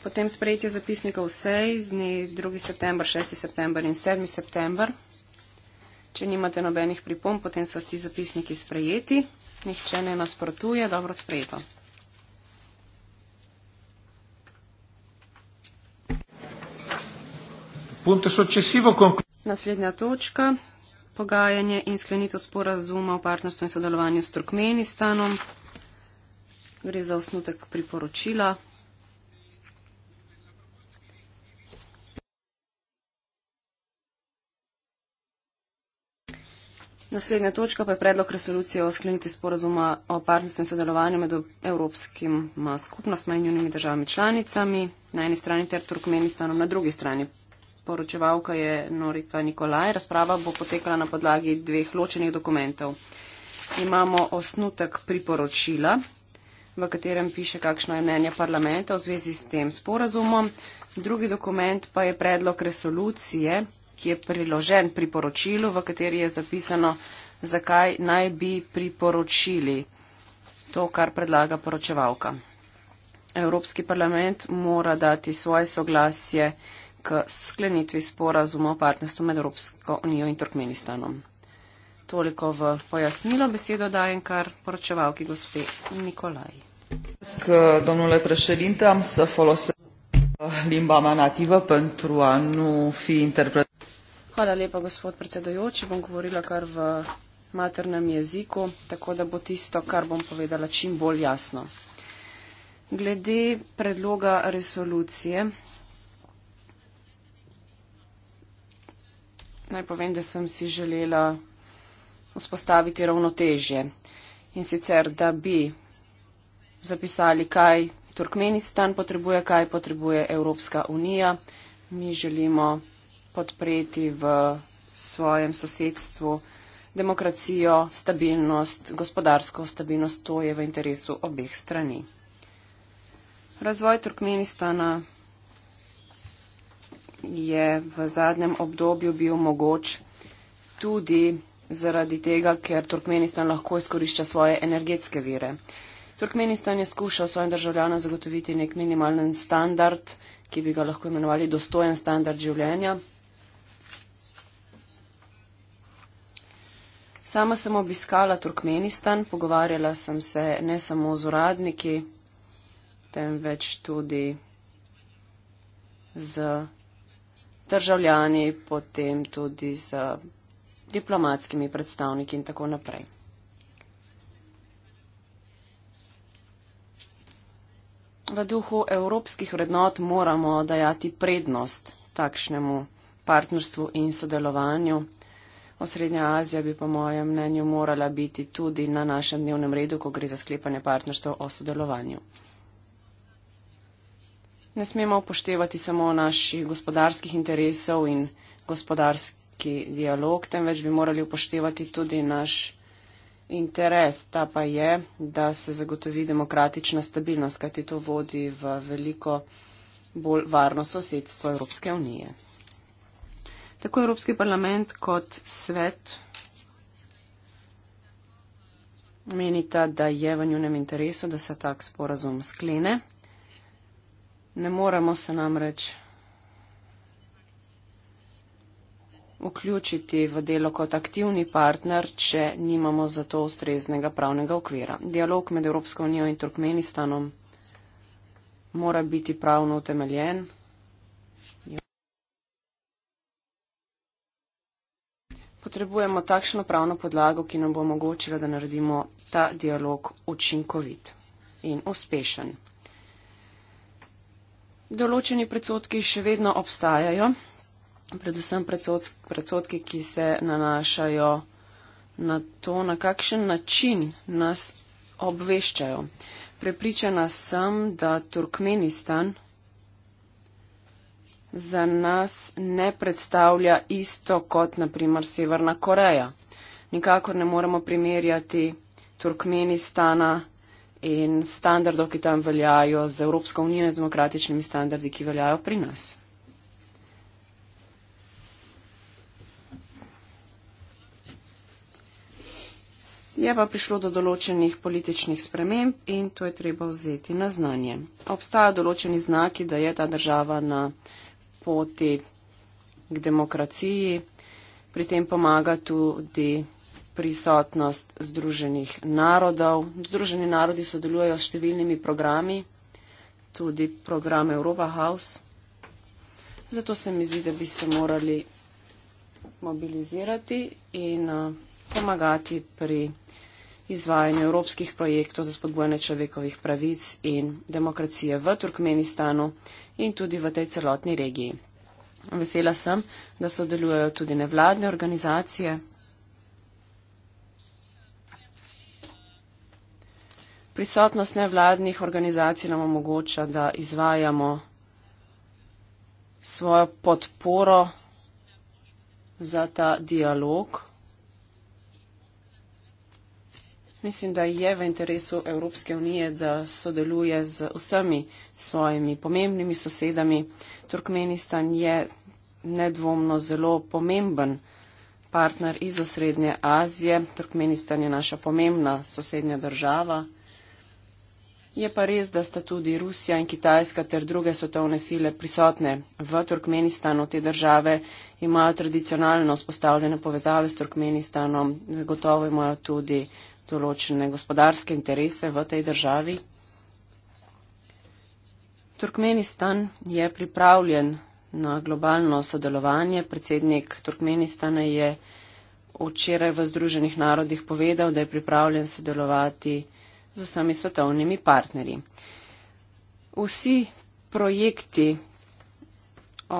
Potem sprejetje zapisnikov sej z dne 2. september, 6. september in 7. september. Če nimate nobenih pripomb, potem so ti zapisniki sprejeti. Nihče ne nasprotuje, dobro sprejeto. Naslednja točka. Pogajanje in sklenitev sporazuma o partnerstvu in sodelovanju s Turkmenistanom. Gre za osnutek priporočila. Naslednja točka pa je predlog resolucije o sklenitvi sporazuma o partnerstvu in sodelovanju med evropskima skupnostma in njunimi državami članicami na eni strani ter Turkmenistanom na drugi strani. Poročevalka je Norika Nikolaj. Razprava bo potekala na podlagi dveh ločenih dokumentov. Imamo osnutek priporočila, v katerem piše, kakšno je mnenje parlamenta v zvezi s tem sporazumom. Drugi dokument pa je predlog resolucije ki je priložen priporočilu, v kateri je zapisano, zakaj naj bi priporočili to, kar predlaga poročevalka. Evropski parlament mora dati svoje soglasje k sklenitvi sporazuma o partnerstvu med Evropsko unijo in Turkmenistanom. Toliko v pojasnilo besedo dajem kar poročevalki gospe Nikolaj. Sk, donule, limba ma nativa, pentru a nu fi interpretat. Hvala lepa, gospod predsedojoči. Bom govorila kar v maternem jeziku, tako da bo tisto, kar bom povedala, čim bolj jasno. Glede predloga resolucije, naj povem, da sem si želela vzpostaviti ravnotežje in sicer, da bi zapisali, kaj Turkmenistan potrebuje, kaj potrebuje Evropska unija. Mi želimo podpreti v svojem sosedstvu demokracijo, stabilnost, gospodarsko stabilnost. To je v interesu obeh strani. Razvoj Turkmenistana je v zadnjem obdobju bil mogoč tudi zaradi tega, ker Turkmenistan lahko izkorišča svoje energetske vire. Turkmenistan je skušal svojim državljanom zagotoviti nek minimalen standard, ki bi ga lahko imenovali dostojen standard življenja. Sama sem obiskala Turkmenistan, pogovarjala sem se ne samo z uradniki, temveč tudi z državljani, potem tudi z diplomatskimi predstavniki in tako naprej. v duhu evropskih vrednot moramo dajati prednost takšnemu partnerstvu in sodelovanju. Osrednja Azija bi po mojem mnenju morala biti tudi na našem dnevnem redu, ko gre za sklepanje partnerstva o sodelovanju. Ne smemo upoštevati samo naših gospodarskih interesov in gospodarski dialog, temveč bi morali upoštevati tudi naš interes, ta pa je, da se zagotovi demokratična stabilnost, kajti to vodi v veliko bolj varno sosedstvo Evropske unije. Tako Evropski parlament kot svet menita, da je v njunem interesu, da se tak sporazum sklene. Ne moremo se namreč vključiti v delo kot aktivni partner, če nimamo za to ustreznega pravnega okvira. Dialog med Evropsko unijo in Turkmenistanom mora biti pravno utemeljen. Potrebujemo takšno pravno podlago, ki nam bo omogočila, da naredimo ta dialog učinkovit in uspešen. Določeni predsotki še vedno obstajajo predvsem predsotke, ki se nanašajo na to, na kakšen način nas obveščajo. Prepričana sem, da Turkmenistan za nas ne predstavlja isto kot naprimer Severna Koreja. Nikakor ne moremo primerjati Turkmenistana in standardov, ki tam veljajo z Evropsko unijo in z demokratičnimi standardi, ki veljajo pri nas. je pa prišlo do določenih političnih sprememb in to je treba vzeti na znanje. Obstajajo določeni znaki, da je ta država na poti k demokraciji, pri tem pomaga tudi prisotnost Združenih narodov. Združeni narodi sodelujejo s številnimi programi, tudi program Europa House. Zato se mi zdi, da bi se morali mobilizirati in eh, pomagati pri izvajanju evropskih projektov za spodbujanje človekovih pravic in demokracije v Turkmenistanu in tudi v tej celotni regiji. Vesela sem, da sodelujejo tudi nevladne organizacije. Prisotnost nevladnih organizacij nam omogoča, da izvajamo svojo podporo za ta dialog. Mislim, da je v interesu Evropske unije, da sodeluje z vsemi svojimi pomembnimi sosedami. Turkmenistan je nedvomno zelo pomemben partner iz osrednje Azije. Turkmenistan je naša pomembna sosednja država. Je pa res, da sta tudi Rusija in Kitajska ter druge svetovne sile prisotne v Turkmenistanu. Te države imajo tradicionalno vzpostavljene povezave s Turkmenistanom, zagotovo imajo tudi določene gospodarske interese v tej državi. Turkmenistan je pripravljen na globalno sodelovanje. Predsednik Turkmenistana je včeraj v Združenih narodih povedal, da je pripravljen sodelovati z vsemi svetovnimi partnerji. Vsi projekti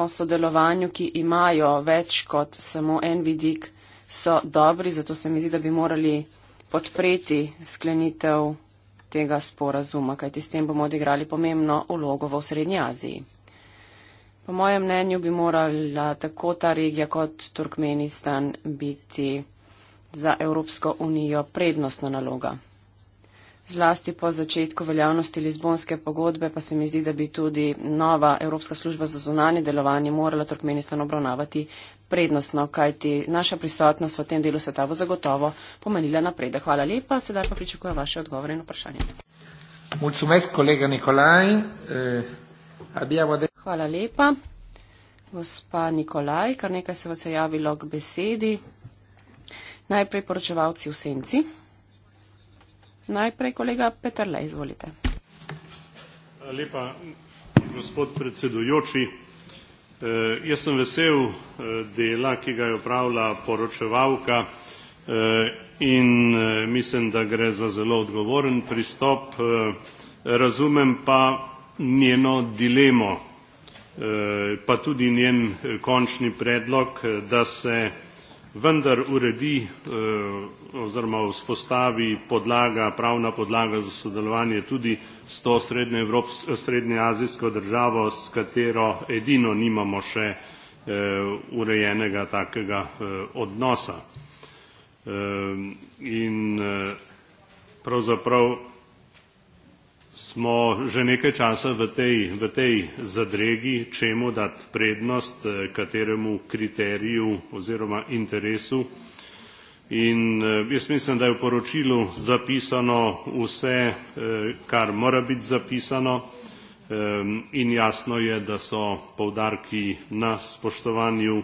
o sodelovanju, ki imajo več kot samo en vidik, so dobri, zato se mi zdi, da bi morali podpreti sklenitev tega sporazuma, kajti s tem bomo odigrali pomembno vlogo v Srednji Aziji. Po mojem mnenju bi morala tako ta regija kot Turkmenistan biti za Evropsko unijo prednostna naloga. Zlasti po začetku veljavnosti Lizbonske pogodbe pa se mi zdi, da bi tudi nova Evropska služba za zunanje delovanje morala Turkmenistan obravnavati prednostno, kajti naša prisotnost v tem delu sveta bo zagotovo pomenila napredek. Hvala lepa, sedaj pa pričakujem vaše odgovore in vprašanje. Eh, Hvala lepa, gospa Nikolaj, kar nekaj se vas je javilo k besedi. Najprej poročevalci v senci. Najprej kolega Petrle, izvolite. Hvala lepa, gospod predsedujoči. Eh, jaz sem vesel eh, dela, ki ga je upravila poročevalka eh, in mislim, da gre za zelo odgovoren pristop. Razumem pa njeno dilemo, pa tudi njen končni predlog, da se vendar uredi eh, oziroma vzpostavi podlaga, pravna podlaga za sodelovanje tudi s to srednjeazijsko državo, s katero edino nimamo še eh, urejenega takega eh, odnosa. In pravzaprav smo že nekaj časa v tej, v tej zadregi, čemu dati prednost, eh, kateremu kriteriju oziroma interesu. In eh, jaz mislim, da je v poročilu zapisano vse, eh, kar mora biti zapisano in jasno je, da so povdarki na spoštovanju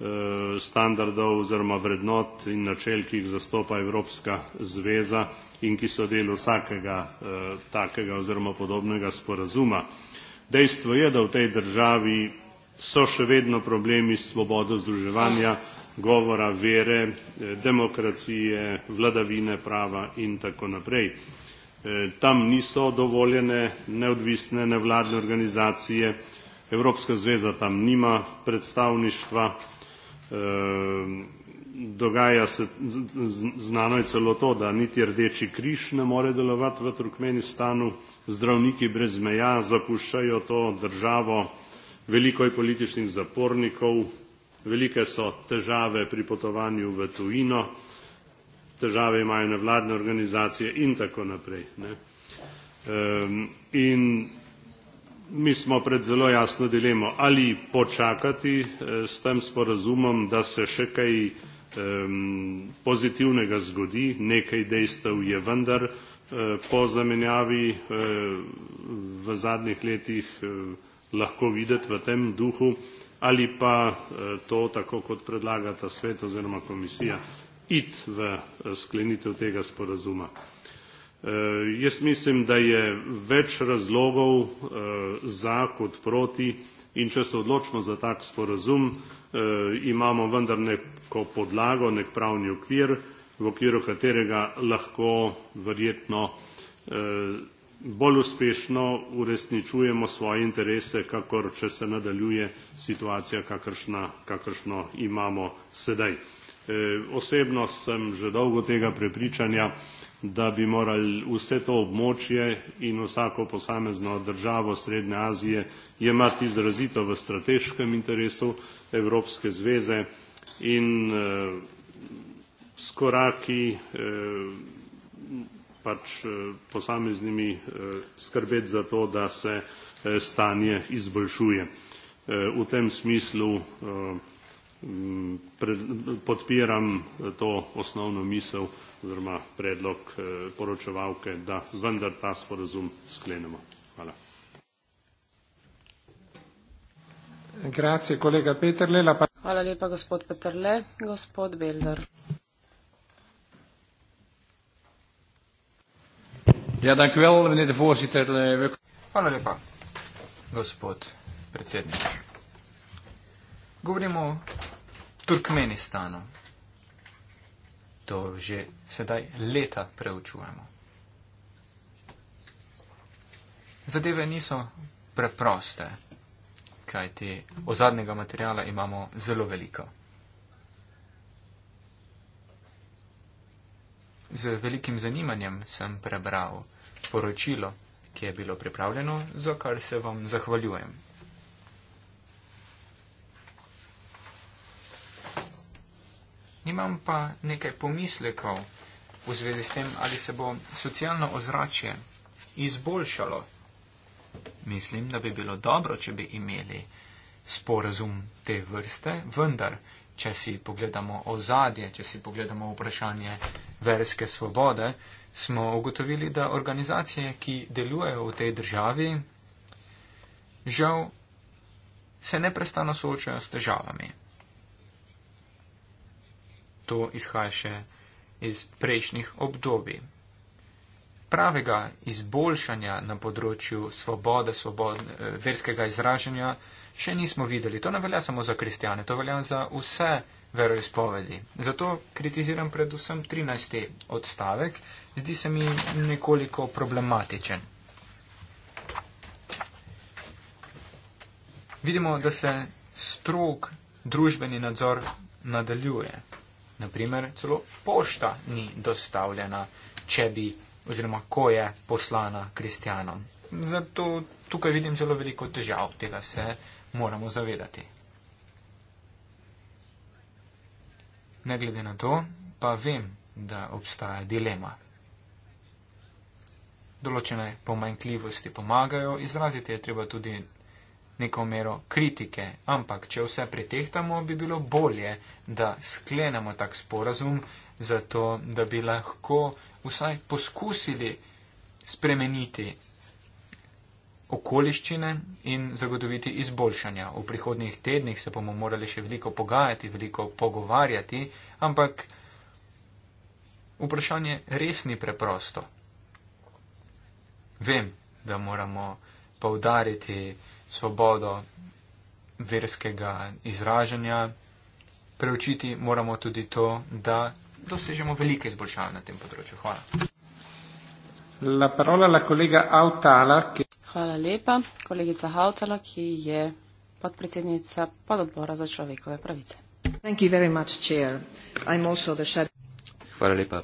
Eh, standardov oziroma vrednot in načel, ki jih zastopa Evropska zveza in ki so del vsakega eh, takega oziroma podobnega sporazuma. Dejstvo je, da v tej državi so še vedno problemi s svobodo združevanja, govora, vere, eh, demokracije, vladavine prava in tako naprej. Tam niso dovoljene neodvisne nevladne organizacije, Evropska zveza tam nima predstavništva, Ehm, dogaja se, znano je celo to, da niti rdeči križ ne more delovati v Turkmenistanu, zdravniki brez meja zapuščajo to državo, veliko je političnih zapornikov, velike so težave pri potovanju v tujino, težave imajo nevladne organizacije in tako naprej. Ne. Ehm, in mi smo pred zelo jasno dilemo, ali počakati eh, s tem sporazumom, da se še kaj pozitivnega zgodi, nekaj dejstev je vendar eh, po zamenjavi eh, v zadnjih letih lahko videti v tem duhu, ali pa to, tako kot predlagata svet oziroma komisija, iti v sklenitev tega sporazuma. Eh, jaz mislim, da je več razlogov eh, za kot proti in če se odločimo za tak sporazum, eh, imamo vendar neko podlago, nek pravni okvir, v okviru katerega lahko verjetno bolj uspešno uresničujemo svoje interese, kakor če se nadaljuje situacija, kakršna, kakršno imamo sedaj. Osebno sem že dolgo tega prepričanja, da bi morali vse to območje in vsako posamezno državo Srednje Azije imati izrazito v strateškem interesu Evropske zveze in eh, s koraki eh, pač eh, posameznimi eh, skrbeti za to, da se eh, stanje izboljšuje. Eh, v tem smislu eh, pred, podpiram to osnovno misel, oziroma predlog eh, poročevalke, da vendar ta sporazum sklenemo. Hvala. Grazie, kolega Peterle. Pa... Hvala lepa, gospod Peterle. Gospod Belder. Ja, dank wel, meneer de voorzitter. Eh, Hvala lepa, gospod predsednik. Govorimo o Turkmenistanu to že sedaj leta preučujemo. Zadeve niso preproste, kajti ozadnega materijala imamo zelo veliko. Z velikim zanimanjem sem prebral poročilo, ki je bilo pripravljeno, za kar se vam zahvaljujem. Nimam pa nekaj pomislekov v zvezi s tem, ali se bo socialno ozračje izboljšalo. Mislim, da bi bilo dobro, če bi imeli sporazum te vrste, vendar, če si pogledamo ozadje, če si pogledamo vprašanje verske svobode, smo ugotovili, da organizacije, ki delujejo v tej državi, žal se neprestano soočajo s težavami to izhaja še iz prejšnjih obdobij. Pravega izboljšanja na področju svobode, svobode eh, verskega izražanja še nismo videli. To ne velja samo za kristijane, to velja za vse veroizpovedi. Zato kritiziram predvsem 13. odstavek, zdi se mi nekoliko problematičen. Vidimo, da se strok družbeni nadzor nadaljuje naprimer celo pošta ni dostavljena, če bi oziroma ko je poslana kristjanom. Zato tukaj vidim zelo veliko težav, tega se moramo zavedati. Ne glede na to, pa vem, da obstaja dilema. Določene pomanjkljivosti pomagajo, izraziti je treba tudi neko mero kritike. Ampak, če vse pretehtamo, bi bilo bolje, da sklenemo tak sporazum, zato da bi lahko vsaj poskusili spremeniti okoliščine in zagotoviti izboljšanja. V prihodnih tednih se bomo morali še veliko pogajati, veliko pogovarjati, ampak vprašanje res ni preprosto. Vem, da moramo poudariti, svobodo verskega izražanja, preučiti moramo tudi to, da dosežemo velike izboljšave na tem področju. Hvala. La parola la kolega Autala. Ki... Hvala lepa. Kolegica Autala, ki je podpredsednica pododbora za človekove pravice. Thank you very much, Chair. I'm also the shadow. Hvala lepa,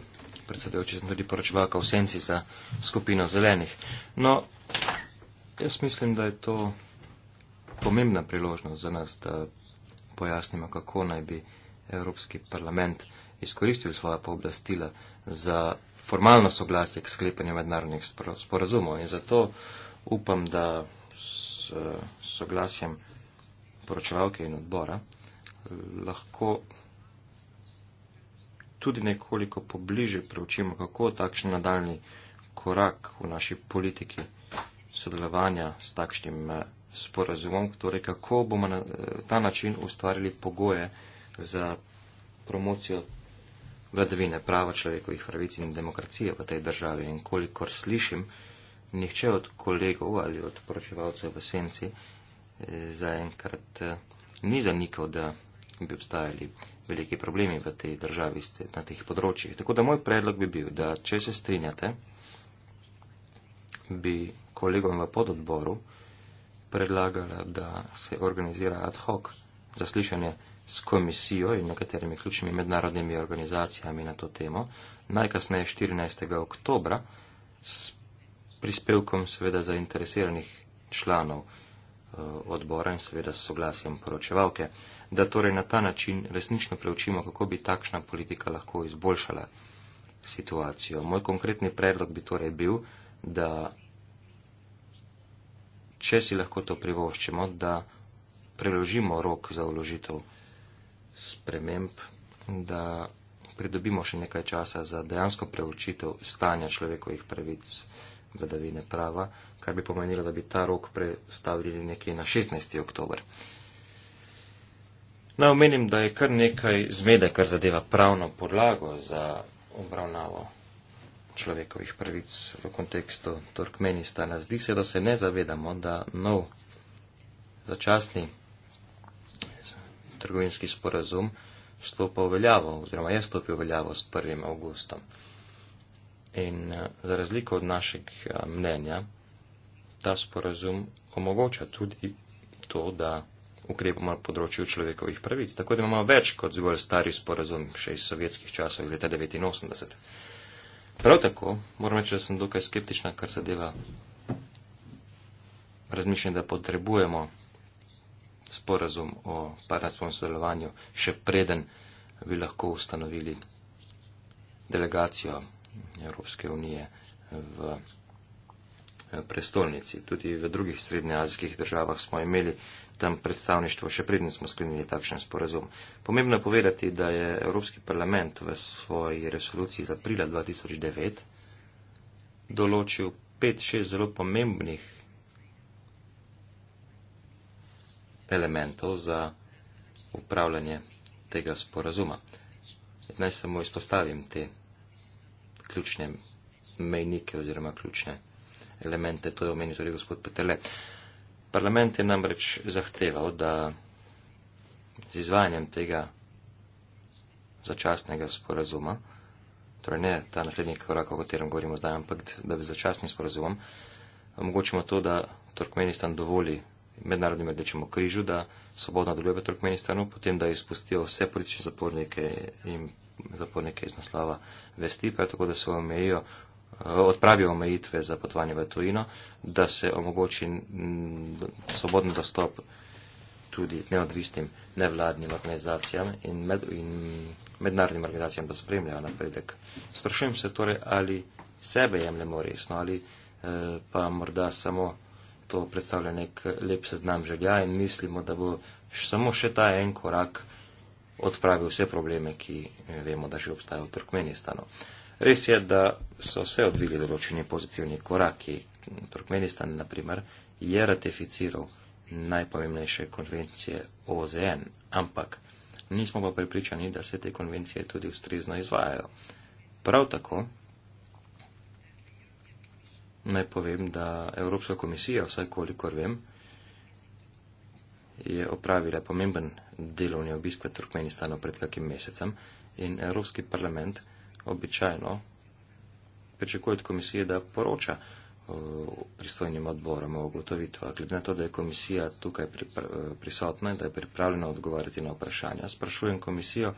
predsedujoči, sem tudi poročevalka v senci za skupino zelenih. No, jaz mislim, da je to pomembna priložnost za nas, da pojasnimo, kako naj bi Evropski parlament izkoristil svoja pooblastila za formalno soglasje k sklepanju mednarodnih sporazumov. In zato upam, da s soglasjem poročevalke in odbora lahko tudi nekoliko pobliže preučimo, kako takšen nadaljni korak v naši politiki sodelovanja s takšnim eh, sporazumom, torej kako bomo na eh, ta način ustvarili pogoje za promocijo vladavine prava človekovih pravic in demokracije v tej državi. In kolikor slišim, nihče od kolegov ali od poročevalcev v senci eh, zaenkrat ni zanikal, da bi obstajali veliki problemi v tej državi na teh področjih. Tako da moj predlog bi bil, da če se strinjate, bi kolegom v pododboru predlagala, da se organizira ad hoc zaslišanje s komisijo in nekaterimi ključnimi mednarodnimi organizacijami na to temo, najkasneje 14. oktobra, s prispevkom seveda zainteresiranih članov eh, odbora in seveda s soglasjem poročevalke, da torej na ta način resnično preučimo, kako bi takšna politika lahko izboljšala situacijo. Moj konkretni predlog bi torej bil, da če si lahko to privoščimo, da preložimo rok za uložitev sprememb, da pridobimo še nekaj časa za dejansko preučitev stanja človekovih pravic vladavine prava, kar bi pomenilo, da bi ta rok prestavili nekje na 16. oktober. Naj omenim, da je kar nekaj zmede, kar zadeva pravno podlago za obravnavo človekovih pravic v kontekstu Turkmenistana. Zdi se, da se ne zavedamo, da nov začasni trgovinski sporazum stopa v veljavo oziroma je stopil v veljavo s 1. augustom. In eh, za razliko od našeg eh, mnenja, ta sporazum omogoča tudi to, da ukrepamo na področju človekovih pravic. Tako da imamo več kot zgolj stari sporazum še iz sovjetskih časov iz leta 1989. Prav tako moram reči, da sem dokaj skeptična, kar zadeva razmišljanje, da potrebujemo sporazum o partnerskem sodelovanju, še preden bi lahko ustanovili delegacijo Evropske unije v eh, prestolnici. Tudi v drugih srednjeazijskih državah smo imeli tam predstavništvo, še preden smo sklenili takšen sporazum. Pomembno je povedati, da je Evropski parlament v svoji resoluciji iz aprila 2009 določil pet, šest zelo pomembnih elementov za upravljanje tega sporazuma. Naj samo izpostavim te ključne mejnike oziroma ključne elemente, to je omenil tudi gospod Petele. Uh, Parlament je namreč zahteval, da z izvajanjem tega začasnega sporazuma, torej ne ta naslednji korak, o katerem govorimo zdaj, ampak da bi začasnim sporazumom omogočimo to, da Turkmenistan dovoli mednarodnim rdečemu križu, da svobodno deluje v Turkmenistanu, potem da izpustijo vse politične zapornike in zapornike iz naslova vesti, pa je tako, da se omejijo odpravijo omejitve za potovanje v tujino, da se omogoči svoboden dostop tudi neodvisnim nevladnim organizacijam in, med, in mednarodnim organizacijam, da spremljajo napredek. Sprašujem se torej, ali sebe jemljemo resno, ali eh, pa morda samo to predstavlja nek lep seznam želja in mislimo, da bo samo še ta en korak odpravil vse probleme, ki eh, vemo, da že obstajajo v Turkmenistanu. Eh, Res je, da so se odvili določeni pozitivni koraki. Turkmenistan, na primer, je ratificiral najpomembnejše konvencije OZN, ampak nismo pa pripričani, da se te konvencije tudi ustrezno izvajajo. Prav tako naj povem, da Evropska komisija, vsaj kolikor vem, je opravila pomemben delovni obisk v Turkmenistanu pred kakim mesecem in Evropski parlament običajno pričakuje od komisije, da poroča eh, pristojnim odborom o ugotovitvah. Glede na to, da je komisija tukaj eh, prisotna in da je pripravljena odgovarjati na vprašanja, sprašujem komisijo,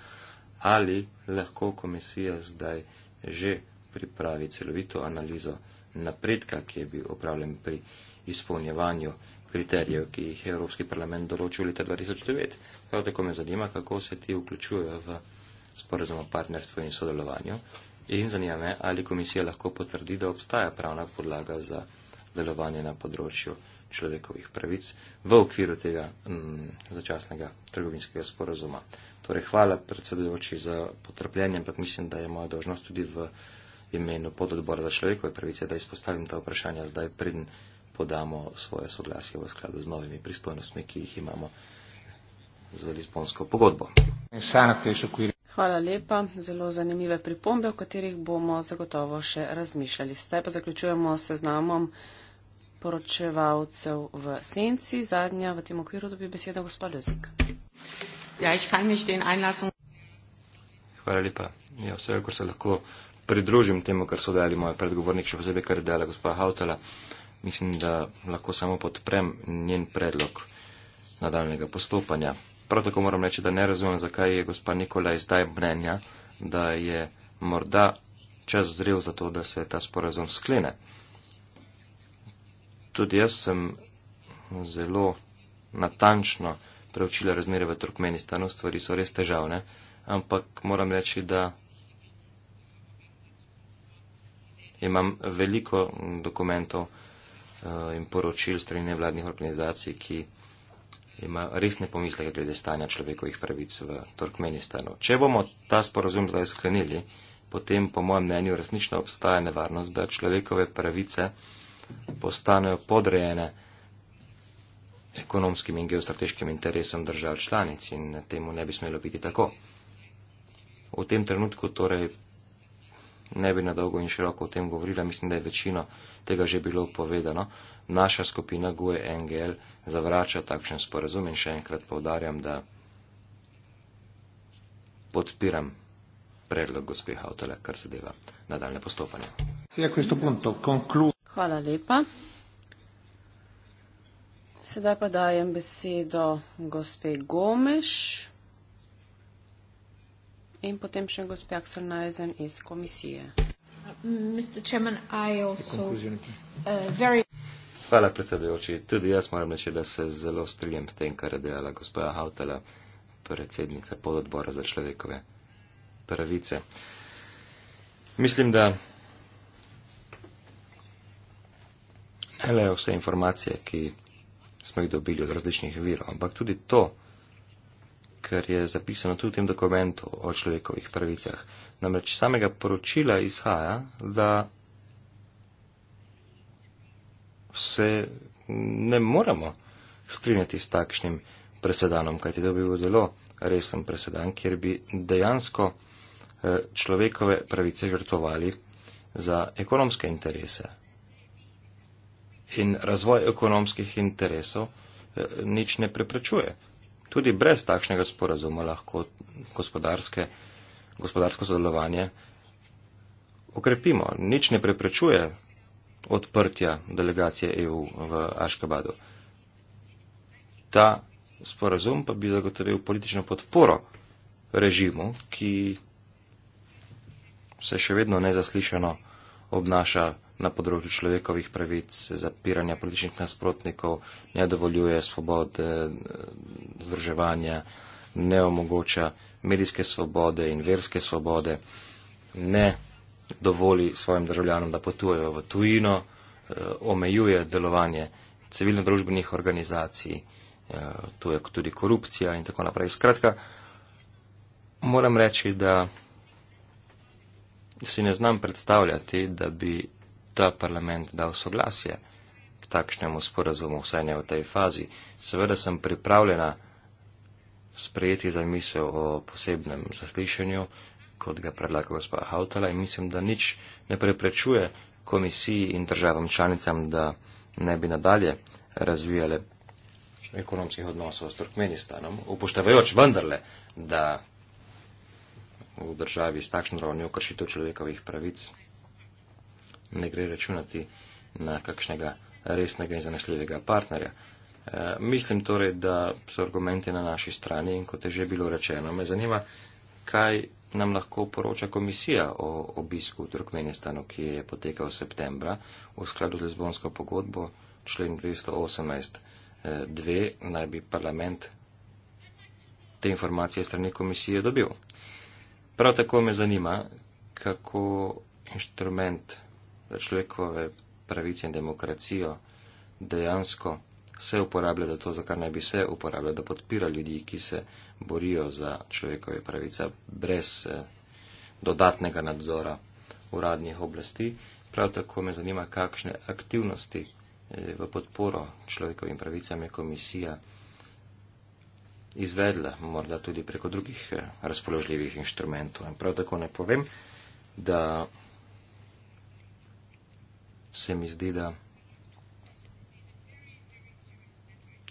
ali lahko komisija zdaj že pripravi celovito analizo napredka, ki je bil opravljen pri izpolnjevanju kriterijev, ki jih je Evropski parlament določil leta 2009. Prav tako me zanima, kako se ti vključujejo v sporozum o partnerstvu in sodelovanju in zanima me, ali komisija lahko potrdi, da obstaja pravna podlaga za delovanje na področju človekovih pravic v okviru tega m, mm, začasnega trgovinskega sporozuma. Torej, hvala predsedujoči za potrpljenje, ampak mislim, da je moja dožnost tudi v imenu pododbora za človekove pravice, da izpostavim ta vprašanja zdaj predn podamo svoje soglasje v skladu z novimi pristojnostmi, ki jih imamo za Lisbonsko pogodbo. In sanak, Hvala lepa. Zelo zanimive pripombe, o katerih bomo zagotovo še razmišljali. Sedaj pa zaključujemo se znamom poročevalcev v senci. Zadnja v tem okviru dobi besedo gospa Lezik. Ja, ich kann mich den einlassen. Hvala lepa. Ja, vse, kar se lahko pridružim temu, kar so dali moj predgovornik, še posebej, kar je dala gospa Hautala, mislim, da lahko samo podprem njen predlog nadaljnega postopanja. Prav tako moram reči, da ne razumem, zakaj je gospa Nikola izdaj mnenja, da je morda čas zrel za to, da se ta sporazum sklene. Tudi jaz sem zelo natančno preučila razmere v Turkmenistanu, stvari so res težavne, ampak moram reči, da imam veliko dokumentov eh, in poročil strani nevladnih organizacij, ki ima resne pomisleke glede stanja človekovih pravic v Turkmenistanu. Če bomo ta sporozum zdaj sklenili, potem po mojem mnenju resnično obstaja nevarnost, da človekove pravice postanejo podrejene ekonomskim in geostrateškim interesom držav članic in temu ne bi smelo biti tako. V tem trenutku torej ne bi na dolgo in široko o tem govorila, mislim, da je večino tega že bilo povedano naša skupina Gue NGL zavrača takšen sporazum in še enkrat povdarjam, da podpiram predlog gospeha Avtola, kar se deva nadaljne postopanje. Hvala lepa. Sedaj pa dajem besedo gospe Gomeš in potem še gospe Aksel Najzen iz komisije. Uh, Mr. Chairman, I also uh, very Hvala, predsedujoči. Tudi jaz moram reči, da se zelo strinjam s tem, kar je dejala gospoda Hautala, predsednica pododbora za človekove pravice. Mislim, da ne le vse informacije, ki smo jih dobili od različnih virov, ampak tudi to, kar je zapisano tudi v tem dokumentu o človekovih pravicah. Namreč samega poročila izhaja, da se ne moremo strinjati s takšnim presedanom, kajti to bi bil zelo resen presedan, kjer bi dejansko eh, človekove pravice žrtvovali za ekonomske interese. In razvoj ekonomskih interesov eh, nič ne preprečuje. Tudi brez takšnega sporazuma lahko gospodarsko sodelovanje okrepimo. Nič ne preprečuje odprtja delegacije EU v Aškabadu. Ta sporazum pa bi zagotovil politično podporo režimu, ki se še vedno nezaslišano obnaša na področju človekovih pravic, zapiranja političnih nasprotnikov, ne dovoljuje svobode združevanja, ne omogoča medijske svobode in verske svobode, ne dovoli svojim državljanom, da potujejo v tujino, eh, omejuje delovanje civilno-družbenih organizacij, eh, tu je tudi korupcija in tako naprej. Skratka, moram reči, da si ne znam predstavljati, da bi ta parlament dal soglasje k takšnemu sporazumu, vsaj ne v tej fazi. Seveda sem pripravljena sprejeti zamisel o posebnem zaslišanju, kot ga predlaga gospa Hautala in mislim, da nič ne preprečuje komisiji in državam članicam, da ne bi nadalje razvijale ekonomskih odnosov s Turkmenistanom, upoštevajoč vendarle, da v državi s takšno ravnjo kršitev človekovih pravic ne gre računati na kakšnega resnega in zanesljivega partnerja. E, mislim torej, da so argumenti na naši strani in kot je že bilo rečeno, me zanima, kaj nam lahko poroča komisija o obisku Turkmenistanu, ki je potekal v septembra v skladu z Lizbonsko pogodbo, člen 218.2, eh, naj bi parlament te informacije strani komisije dobil. Prav tako me zanima, kako inštrument za človekove pravice in demokracijo dejansko se uporablja za to, za kar naj bi se uporabljal, da podpira ljudi, ki se borijo za človekove pravice brez eh, dodatnega nadzora uradnih oblasti. Prav tako me zanima, kakšne aktivnosti eh, v podporo človekovim pravicam je komisija izvedla, morda tudi preko drugih eh, razpoložljivih inštrumentov. Prav tako ne povem, da se mi zdi, da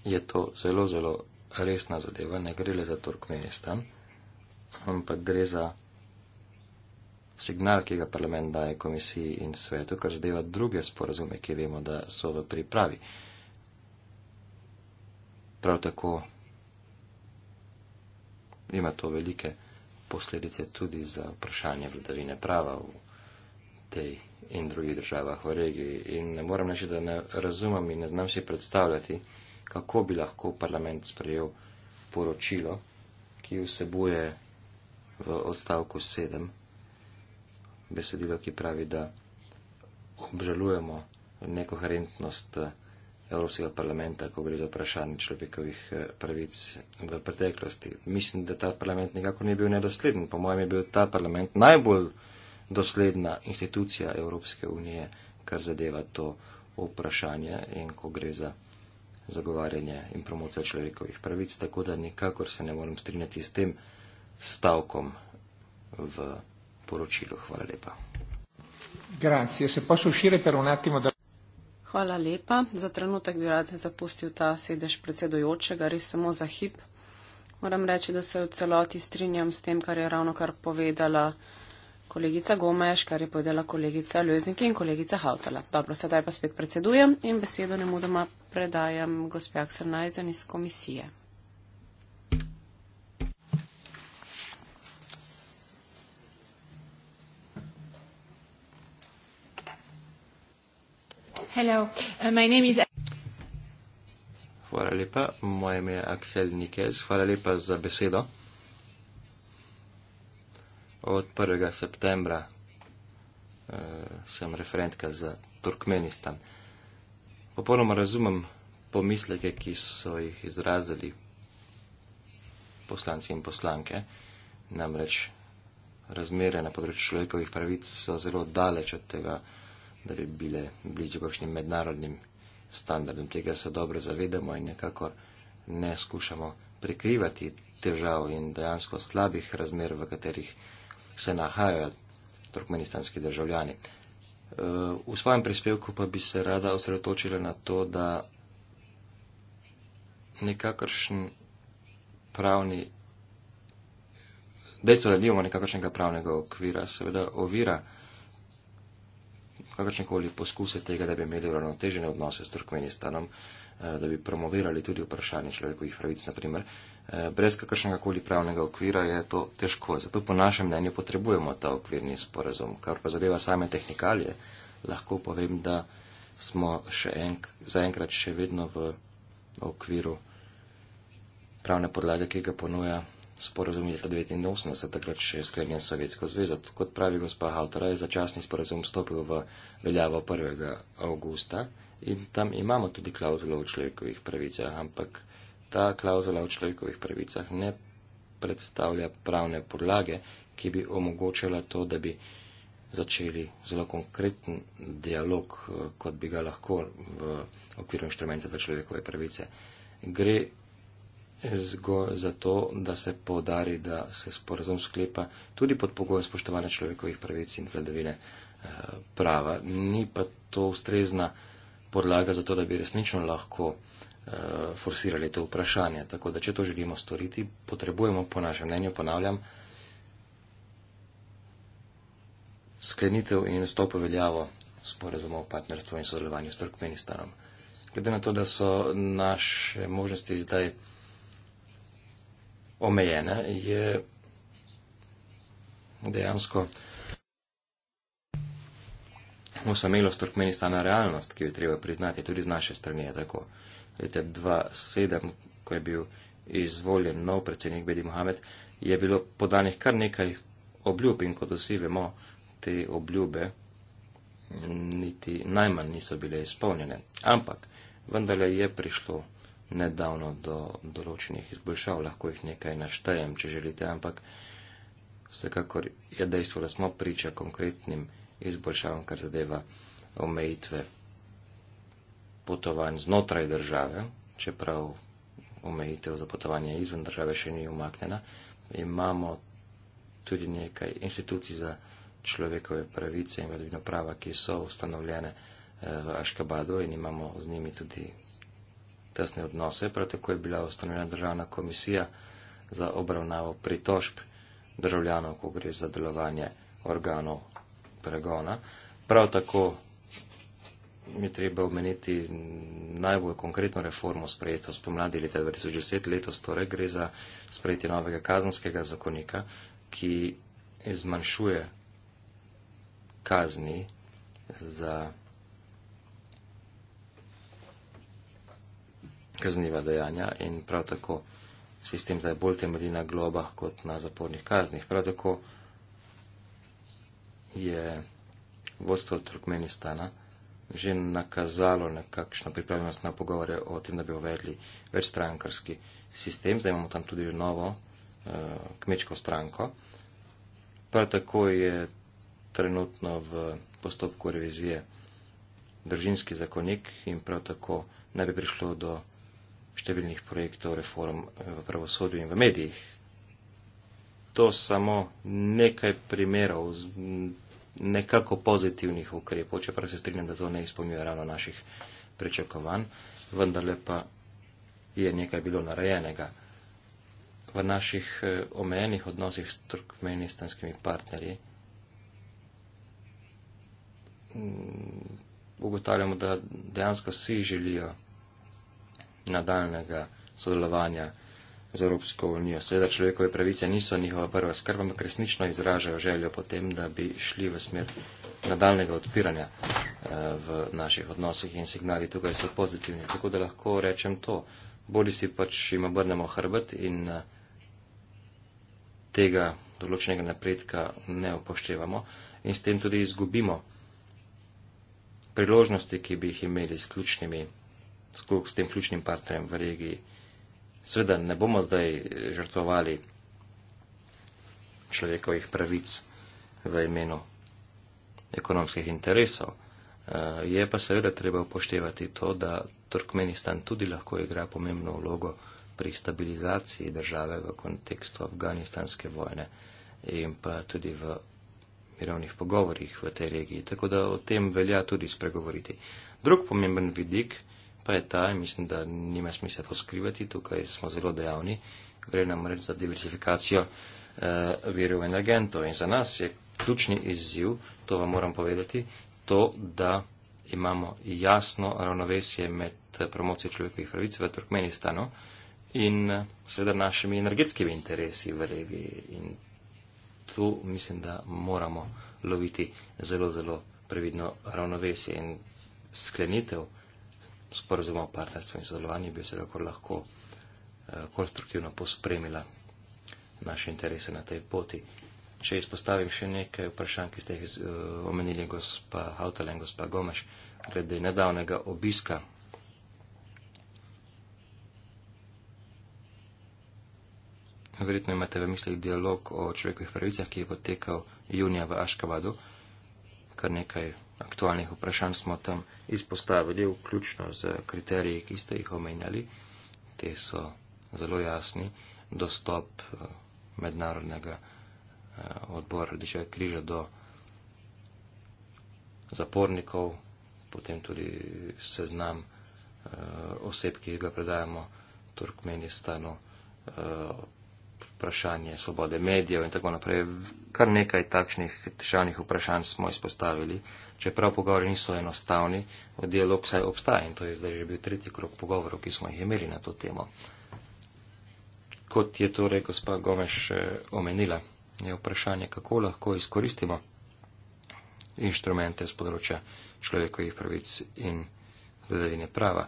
je to zelo, zelo resna zadeva, ne gre le za Turkmenistan, ampak gre za signal, ki ga parlament daje komisiji in svetu, kar zadeva druge sporazume, ki vemo, da so v pripravi. Prav tako ima to velike posledice tudi za vprašanje vladavine prava v tej in drugih državah v regiji. In ne moram reči, da ne razumem in ne znam si predstavljati, kako bi lahko parlament sprejel poročilo, ki vsebuje v odstavku 7 besedilo, ki pravi, da obžalujemo nekoherentnost eh, Evropskega parlamenta, ko gre za vprašanje človekovih eh, pravic v preteklosti. Mislim, da ta parlament nekako ni bil nedosleden. Po mojem je bil ta parlament najbolj dosledna institucija Evropske unije, kar zadeva to vprašanje in ko gre za zagovarjanje in promocijo človekovih pravic, tako da nikakor se ne morem strinjati s tem stavkom v poročilu. Hvala lepa. Hvala lepa. Za trenutek bi rad zapustil ta sedež predsedojočega, res samo za hip. Moram reči, da se v celoti strinjam s tem, kar je ravno kar povedala kolegica Gomeš, kar je povedala kolegica Ljuzinki in kolegica Hautala. Dobro, sedaj pa spet predsedujem in besedo ne mudoma predajam gospe Aksel Najzen iz komisije. Uh, hvala lepa, moje ime je Aksel Nikez, hvala lepa za besedo. Od 1. septembra uh, sem referentka za Turkmenistan. Uh, Popolnoma razumem pomisleke, ki so jih izrazili poslanci in poslanke. Namreč razmere na področju človekovih pravic so zelo daleč od tega, da bi bile bližje kakšnim mednarodnim standardom. Tega se dobro zavedamo in nekako ne skušamo prikrivati težav in dejansko slabih razmer, v katerih se nahajajo turkmenistanski državljani. Eh, v svojem prispevku pa bi se rada osredotočila na to, da nekakršen pravni, dejstvo, da nimamo nekakršnega pravnega okvira, seveda ovira kakršnekoli poskuse tega, da bi imeli uravnotežene odnose s Turkmenistanom, eh, da bi promovirali tudi vprašanje človekovih pravic, na primer, Eh, brez kakršnega koli pravnega okvira je to težko. Zato po našem mnenju potrebujemo ta okvirni sporazum. Kar pa zadeva same tehnikalije, lahko povem, da smo še enk, zaenkrat še vedno v okviru pravne podlage, ki ga ponuja sporazum iz leta 1989, takrat še sklenjen Sovjetsko zvezo. Kot pravi gospa Hautor, je začasni sporazum stopil v veljavo 1. avgusta in tam imamo tudi klauzulo o človekovih pravicah, ampak ta klauzula o človekovih pravicah ne predstavlja pravne podlage, ki bi omogočala to, da bi začeli zelo konkreten dialog, kot bi ga lahko v okviru inštrumenta za človekove pravice. Gre za to, da se podari, da se sporazum sklepa tudi pod pogojem spoštovanja človekovih pravic in vladavine eh, prava. Ni pa to ustrezna podlaga za to, da bi resnično lahko uh, forsirali to vprašanje. Tako da, če to želimo storiti, potrebujemo, po našem mnenju, ponavljam, sklenitev in vstop v veljavo sporazumov o partnerstvu in sodelovanju s Turkmenistanom. Glede na to, da so naše možnosti zdaj omejene, je dejansko osamelost Turkmenistana realnost, ki jo je treba priznati tudi z naše strani. Tako leta 2007, ko je bil izvoljen nov predsednik Bedi Mohamed, je bilo podanih kar nekaj obljub in kot vsi vemo, te obljube niti najmanj niso bile izpolnjene. Ampak vendarle je prišlo nedavno do določenih izboljšav, lahko jih nekaj naštejem, če želite, ampak vsekakor je dejstvo, da smo priča konkretnim izboljšavam, kar zadeva omejitve potovanj znotraj države, čeprav omejitev za potovanje izven države še ni umaknjena, imamo tudi nekaj institucij za človekove pravice in vladavino prava, ki so ustanovljene eh, v Aškabadu in imamo z njimi tudi tesne odnose. Prav tako je bila ustanovljena državna komisija za obravnavo pritožb državljanov, ko gre za delovanje organov pregona. Prav tako je treba omeniti najbolj konkretno reformo sprejeto spomladi leta 2010, letos torej gre za sprejeti novega kazanskega zakonika, ki zmanjšuje kazni za kazniva dejanja in prav tako sistem zdaj bolj temelji na globah kot na zapornih kaznih. Prav tako je vodstvo Turkmenistana že nakazalo nekakšno pripravljenost na pogovore o tem, da bi uvedli več strankarski sistem. Zdaj imamo tam tudi že novo eh, kmečko stranko. Prav tako je trenutno v postopku revizije držinski zakonik in prav tako ne bi prišlo do številnih projektov reform eh, v pravosodju in v medijih. To samo nekaj primerov nekako pozitivnih ukrepov, čeprav se strinjam, da to ne izpolnjuje ravno naših pričakovanj, vendarle pa je nekaj bilo narejenega. V naših eh, omejenih odnosih s turkmenistanskimi partnerji mm, ugotavljamo, da dejansko vsi želijo nadaljnega sodelovanja z Evropsko unijo. Seveda človekove pravice niso njihova prva skrb, ampak resnično izražajo željo potem, da bi šli v smer nadaljnega odpiranja eh, v naših odnosih in signali tukaj so pozitivni. Tako da lahko rečem to. Bodi si pač jim obrnemo hrbet in eh, tega določenega napredka ne upoštevamo in s tem tudi izgubimo priložnosti, ki bi jih imeli s, ključnimi, s, s tem ključnim partnerjem v regiji. Seveda ne bomo zdaj žrtovali človekovih pravic v imenu ekonomskih interesov. Eh, je pa seveda treba upoštevati to, da Turkmenistan tudi lahko igra pomembno vlogo pri stabilizaciji države v kontekstu afganistanske vojne in pa tudi v mirovnih pogovorjih v tej regiji. Tako da o tem velja tudi spregovoriti. Drug pomemben vidik pa je ta, mislim, da nima smisla to skrivati, tukaj smo zelo dejavni, gre nam reč za diversifikacijo eh, virov energentov. In za nas je ključni izziv, to vam moram povedati, to, da imamo jasno ravnovesje med eh, promocijo človekovih pravic v Turkmenistanu in eh, seveda našimi energetskimi interesi v regiji. In tu mislim, da moramo loviti zelo, zelo previdno ravnovesje in sklenitev sporozuma o partnerstvu in sodelovanju bi se kakor lahko eh, konstruktivno pospremila naše interese na tej poti. Če izpostavim še nekaj vprašanj, ki ste jih eh, omenili gospa Hautala in gospa Gomeš, glede nedavnega obiska Verjetno imate v mislih dialog o človekovih pravicah, ki je potekal junija v Aškavadu, kar nekaj aktualnih vprašanj smo tam izpostavili, vključno z kriteriji, ki ste jih omenjali. Te so zelo jasni. Dostop eh, mednarodnega eh, odbora Rdečega križa do zapornikov, potem tudi seznam eh, oseb, ki jih ga predajamo Turkmenistanu, vprašanje svobode medijev in tako naprej. Kar nekaj takšnih težavnih vprašanj smo izpostavili, čeprav pogovori niso enostavni, v dialog saj obstaja in to je zdaj že bil tretji krok pogovorov, ki smo jih imeli na to temo. Kot je torej gospa Gomeš eh, omenila, je vprašanje, kako lahko izkoristimo inštrumente z področja človekovih pravic in vladavine prava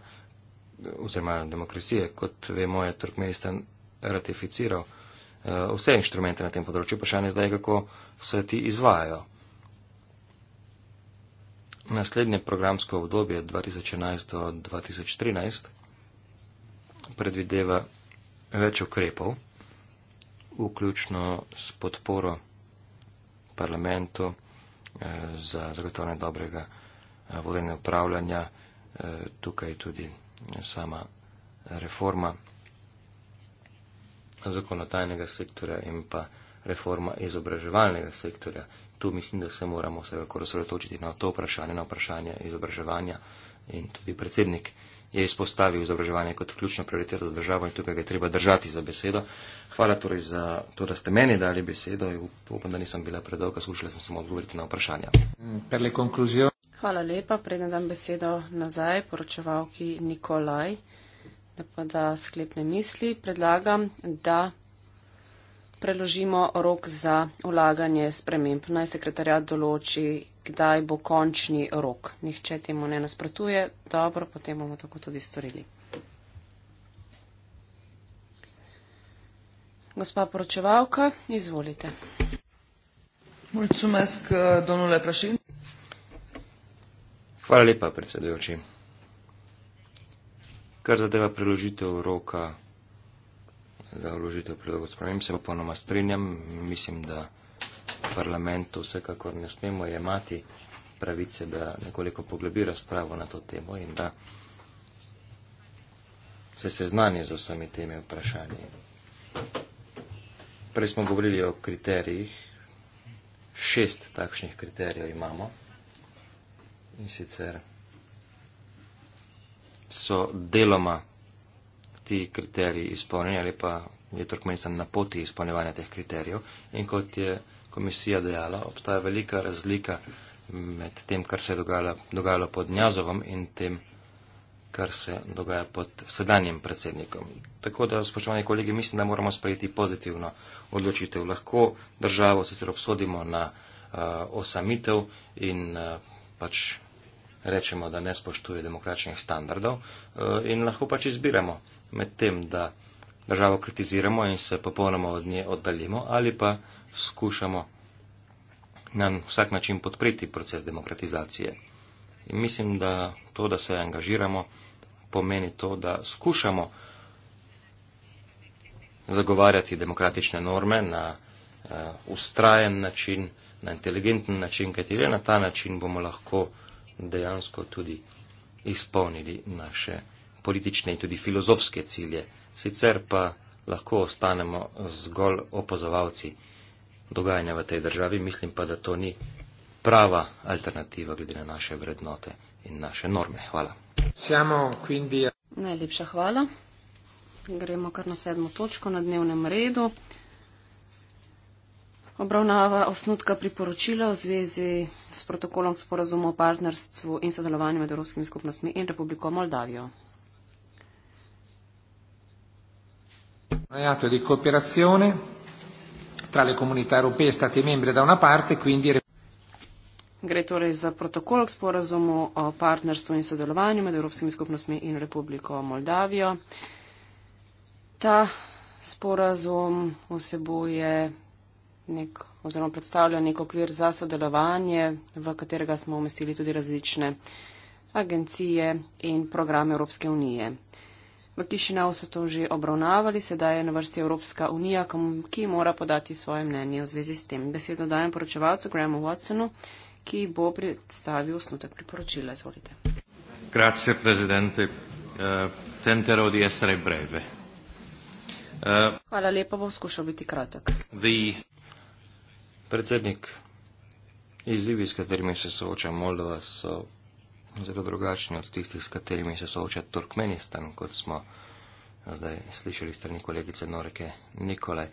oziroma demokracije, kot vemo, je Turkmenistan ratificiral Eh, vse inštrumente na tem področju. Vprašanje zdaj je, kako se ti izvajajo. Naslednje programsko obdobje 2011-2013 predvideva več ukrepov, vključno s podporo parlamentu eh, za zagotovljanje dobrega eh, vodenja upravljanja, tukaj tudi sama reforma zakonodajnega sektorja in pa reforma izobraževalnega sektorja. Tu mislim, da se moramo vsekako osredotočiti na to vprašanje, na vprašanje izobraževanja in tudi predsednik je izpostavil izobraževanje kot ključno prioriteto za državo in tukaj ga je treba držati za besedo. Hvala torej za to, da ste meni dali besedo in upam, da nisem bila predolga, slušala sem samo odgovoriti na vprašanja. Hvala lepa, predem dam besedo nazaj poročevalki Nikolaj. Tako da sklepne misli predlagam, da preložimo rok za ulaganje sprememb. Naj sekretarjat določi, kdaj bo končni rok. Nihče temu ne nasprotuje. Dobro, potem bomo tako tudi storili. Gospa poročevalka, izvolite. Hvala lepa, predsedujoči. Kar zadeva preložitev roka za vložitev predlogov spremem, se popolnoma strinjam. Mislim, da parlamentu vsekakor ne smemo jemati pravice, da nekoliko poglobi razpravo na to temo in da se seznanje z vsemi temi vprašanji. Prej smo govorili o kriterijih, šest takšnih kriterijev imamo in sicer so deloma ti kriteriji izpolnjeni ali pa je Turkmenistan na poti izpolnjevanja teh kriterijev. In kot je komisija dejala, obstaja velika razlika med tem, kar se je dogajalo, dogajalo pod Njazovom in tem, kar se dogaja pod sedanjim predsednikom. Tako da, spoštovani kolegi, mislim, da moramo sprejeti pozitivno odločitev. Lahko državo sicer obsodimo na uh, osamitev in uh, pač rečemo, da ne spoštuje demokratičnih standardov eh, in lahko pač izbiramo med tem, da državo kritiziramo in se popolnoma od nje oddaljimo ali pa skušamo na vsak način podpreti proces demokratizacije. In mislim, da to, da se angažiramo, pomeni to, da skušamo zagovarjati demokratične norme na uh, ustrajen način, na inteligenten način, kajti le na ta način bomo lahko uh, dejansko tudi izpolnili naše politične in tudi filozofske cilje. Sicer pa lahko ostanemo zgolj opazovalci dogajanja v tej državi, mislim pa, da to ni prava alternativa glede na naše vrednote in naše norme. Hvala. Najlepša hvala. Gremo kar na sedmo točko na dnevnem redu obravnava osnutka priporočila v zvezi s protokolom sporozumu o partnerstvu in sodelovanju med Evropskimi skupnostmi in Republiko Moldavijo. E Gre torej za protokol k sporazumu o partnerstvu in sodelovanju med Evropskimi skupnostmi in Republiko Moldavijo. Ta sporazum vsebuje nek, oziroma predstavlja nek okvir za sodelovanje, v katerega smo umestili tudi različne agencije in programe Evropske unije. V Kišinau so to že obravnavali, sedaj je na vrsti Evropska unija, ki mora podati svoje mnenje v zvezi s tem. Besedo dajem poročevalcu Grahamu Watsonu, ki bo predstavil osnutek priporočila. Izvolite. Grazie, predsedente. Uh, eh, tenterò di essere breve. Uh, Hvala lepa, bom skušal biti kratek. Predsednik, izzivi, s katerimi se sooča Moldova, so zelo drugačni od tistih, s katerimi se sooča Turkmenistan, kot smo zdaj slišali strani kolegice Norike Nikolaj.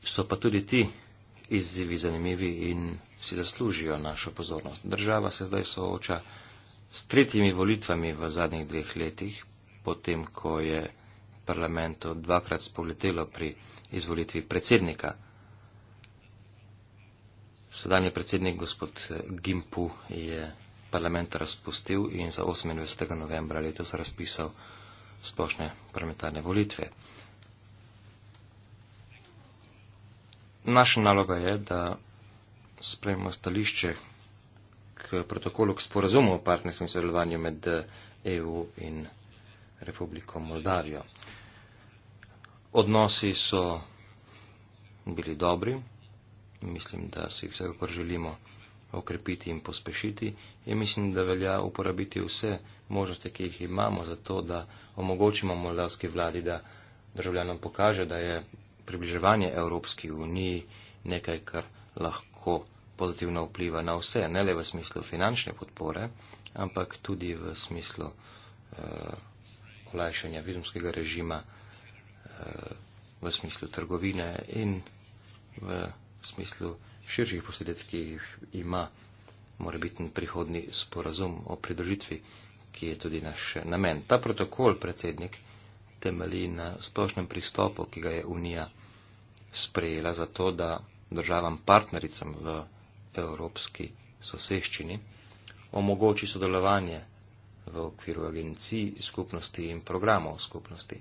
So pa tudi ti izzivi zanimivi in si zaslužijo našo pozornost. Država se zdaj sooča s tretjimi volitvami v zadnjih dveh letih, potem ko je parlamentu dvakrat spoletelo pri izvolitvi predsednika. Sedanji predsednik gospod Gimpu je parlament razpustil in za 28. novembra letos razpisal splošne parlamentarne volitve. Naša naloga je, da spremimo stališče k protokolu, k sporazumu o partnerstvu in sodelovanju med EU in Republiko Moldavijo. Odnosi so bili dobri, mislim, da si vsekakor želimo okrepiti in pospešiti in mislim, da velja uporabiti vse možnosti, ki jih imamo za to, da omogočimo moldavski vladi, da državljanom pokaže, da je približevanje Evropski uniji nekaj, kar lahko pozitivno vpliva na vse, ne le v smislu finančne podpore, ampak tudi v smislu eh, olajšanja vizumskega režima, eh, v smislu trgovine in v. Eh, smislu širših posledic, ki jih ima morebiten prihodni sporazum o pridružitvi, ki je tudi naš namen. Ta protokol, predsednik, temelji na splošnem pristopu, ki ga je Unija sprejela za to, da državam partnericam v evropski soseščini omogoči sodelovanje v okviru agencij, skupnosti in programov skupnosti.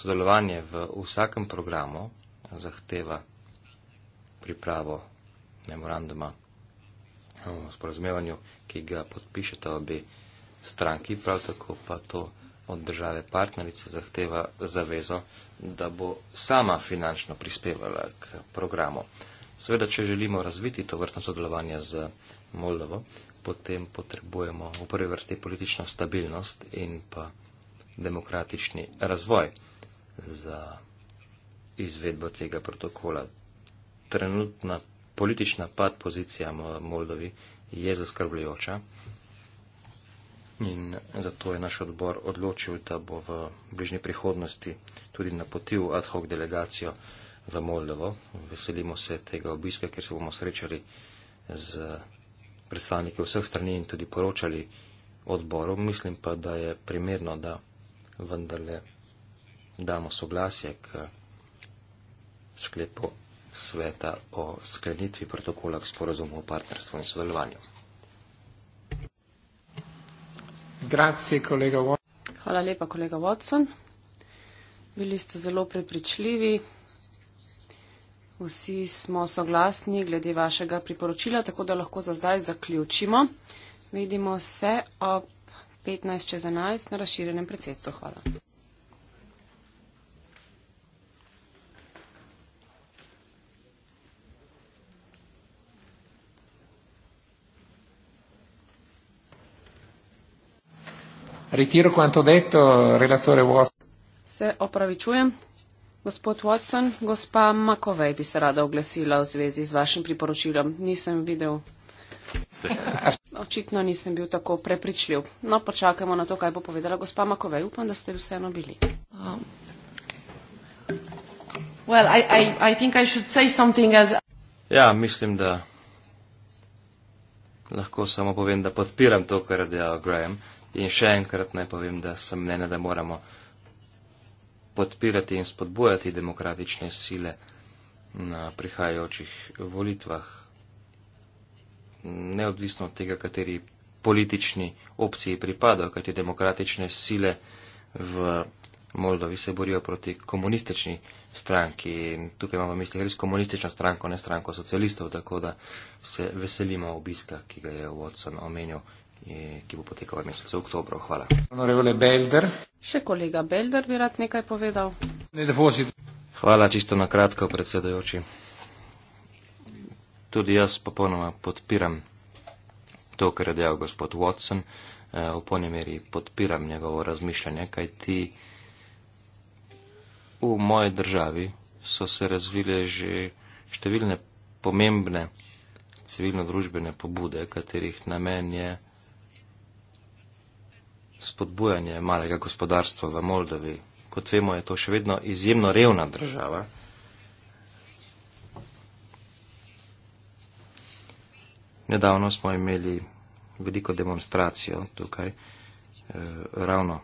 Sodelovanje v vsakem programu zahteva pripravo memoranduma o sporazumevanju, ki ga podpišete obe stranki, prav tako pa to od države partnerice zahteva zavezo, da bo sama finančno prispevala k programu. Seveda, če želimo razviti to vrtno sodelovanje z Moldovo, potem potrebujemo v prvi vrsti politično stabilnost in pa demokratični razvoj za izvedbo tega protokola trenutna politična pad pozicija Moldovi je zaskrbljujoča. In zato je naš odbor odločil, da bo v bližnji prihodnosti tudi napotil ad hoc delegacijo v Moldovo. Veselimo se tega obiska, ker se bomo srečali z predstavniki vseh strani in tudi poročali odboru. Mislim pa, da je primerno, da vendarle damo soglasje k sklepu sveta o sklenitvi protokola k sporazumu o partnerstvu in sodelovanju. Grazie, kolega Watson. Hvala lepa, kolega Watson. Bili ste zelo prepričljivi. Vsi smo soglasni glede vašega priporočila, tako da lahko za zdaj zaključimo. Vidimo se ob 15.11 na razširjenem predsedstvu. Hvala. Ritiro quanto detto, relatore vostro. Se opravičujem. Gospod Watson, gospa Makovej bi se rada oglasila v zvezi z vašim priporočilom. Nisem videl. *laughs* Očitno nisem bil tako prepričljiv. No, počakajmo na to, kaj bo povedala gospa Makovej. Upam, da ste vseeno bili. Um, well, I, I, I I as... Ja, mislim, da lahko samo povem, da podpiram to, kar je dejal Graham. Uh, In še enkrat naj povem, da sem mnenja, da moramo podpirati in spodbujati demokratične sile na prihajajočih volitvah, neodvisno od tega, kateri politični opciji pripadajo, kajti demokratične sile v Moldovi se borijo proti komunistični stranki. Tukaj imamo v mislih res komunistično stranko, ne stranko socialistov, tako da se veselimo obiska, ki ga je Watson omenil ki bo potekal v mesecu oktobru. Hvala. Še kolega Belder bi rad nekaj povedal. Hvala čisto na kratko, predsedojoči. Tudi jaz popolnoma podpiram to, kar je dejal gospod Watson. Eh, v polni meri podpiram njegovo razmišljanje, kaj ti v moji državi so se razvile že številne pomembne civilno-družbene pobude, katerih namen je spodbujanje malega gospodarstva v Moldovi. Kot vemo, je to še vedno izjemno revna država. Nedavno smo imeli veliko demonstracijo tukaj, eh, ravno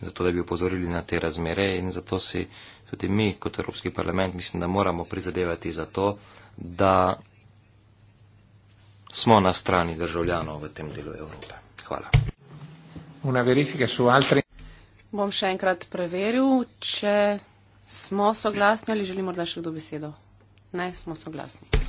zato, da bi upozorili na te razmere in zato si tudi mi kot Evropski parlament mislim, da moramo prizadevati za to, da smo na strani državljanov v tem delu Evrope. Hvala. Bom še enkrat preveril, če smo soglasni ali želimo, da še kdo besedo. Ne, smo soglasni.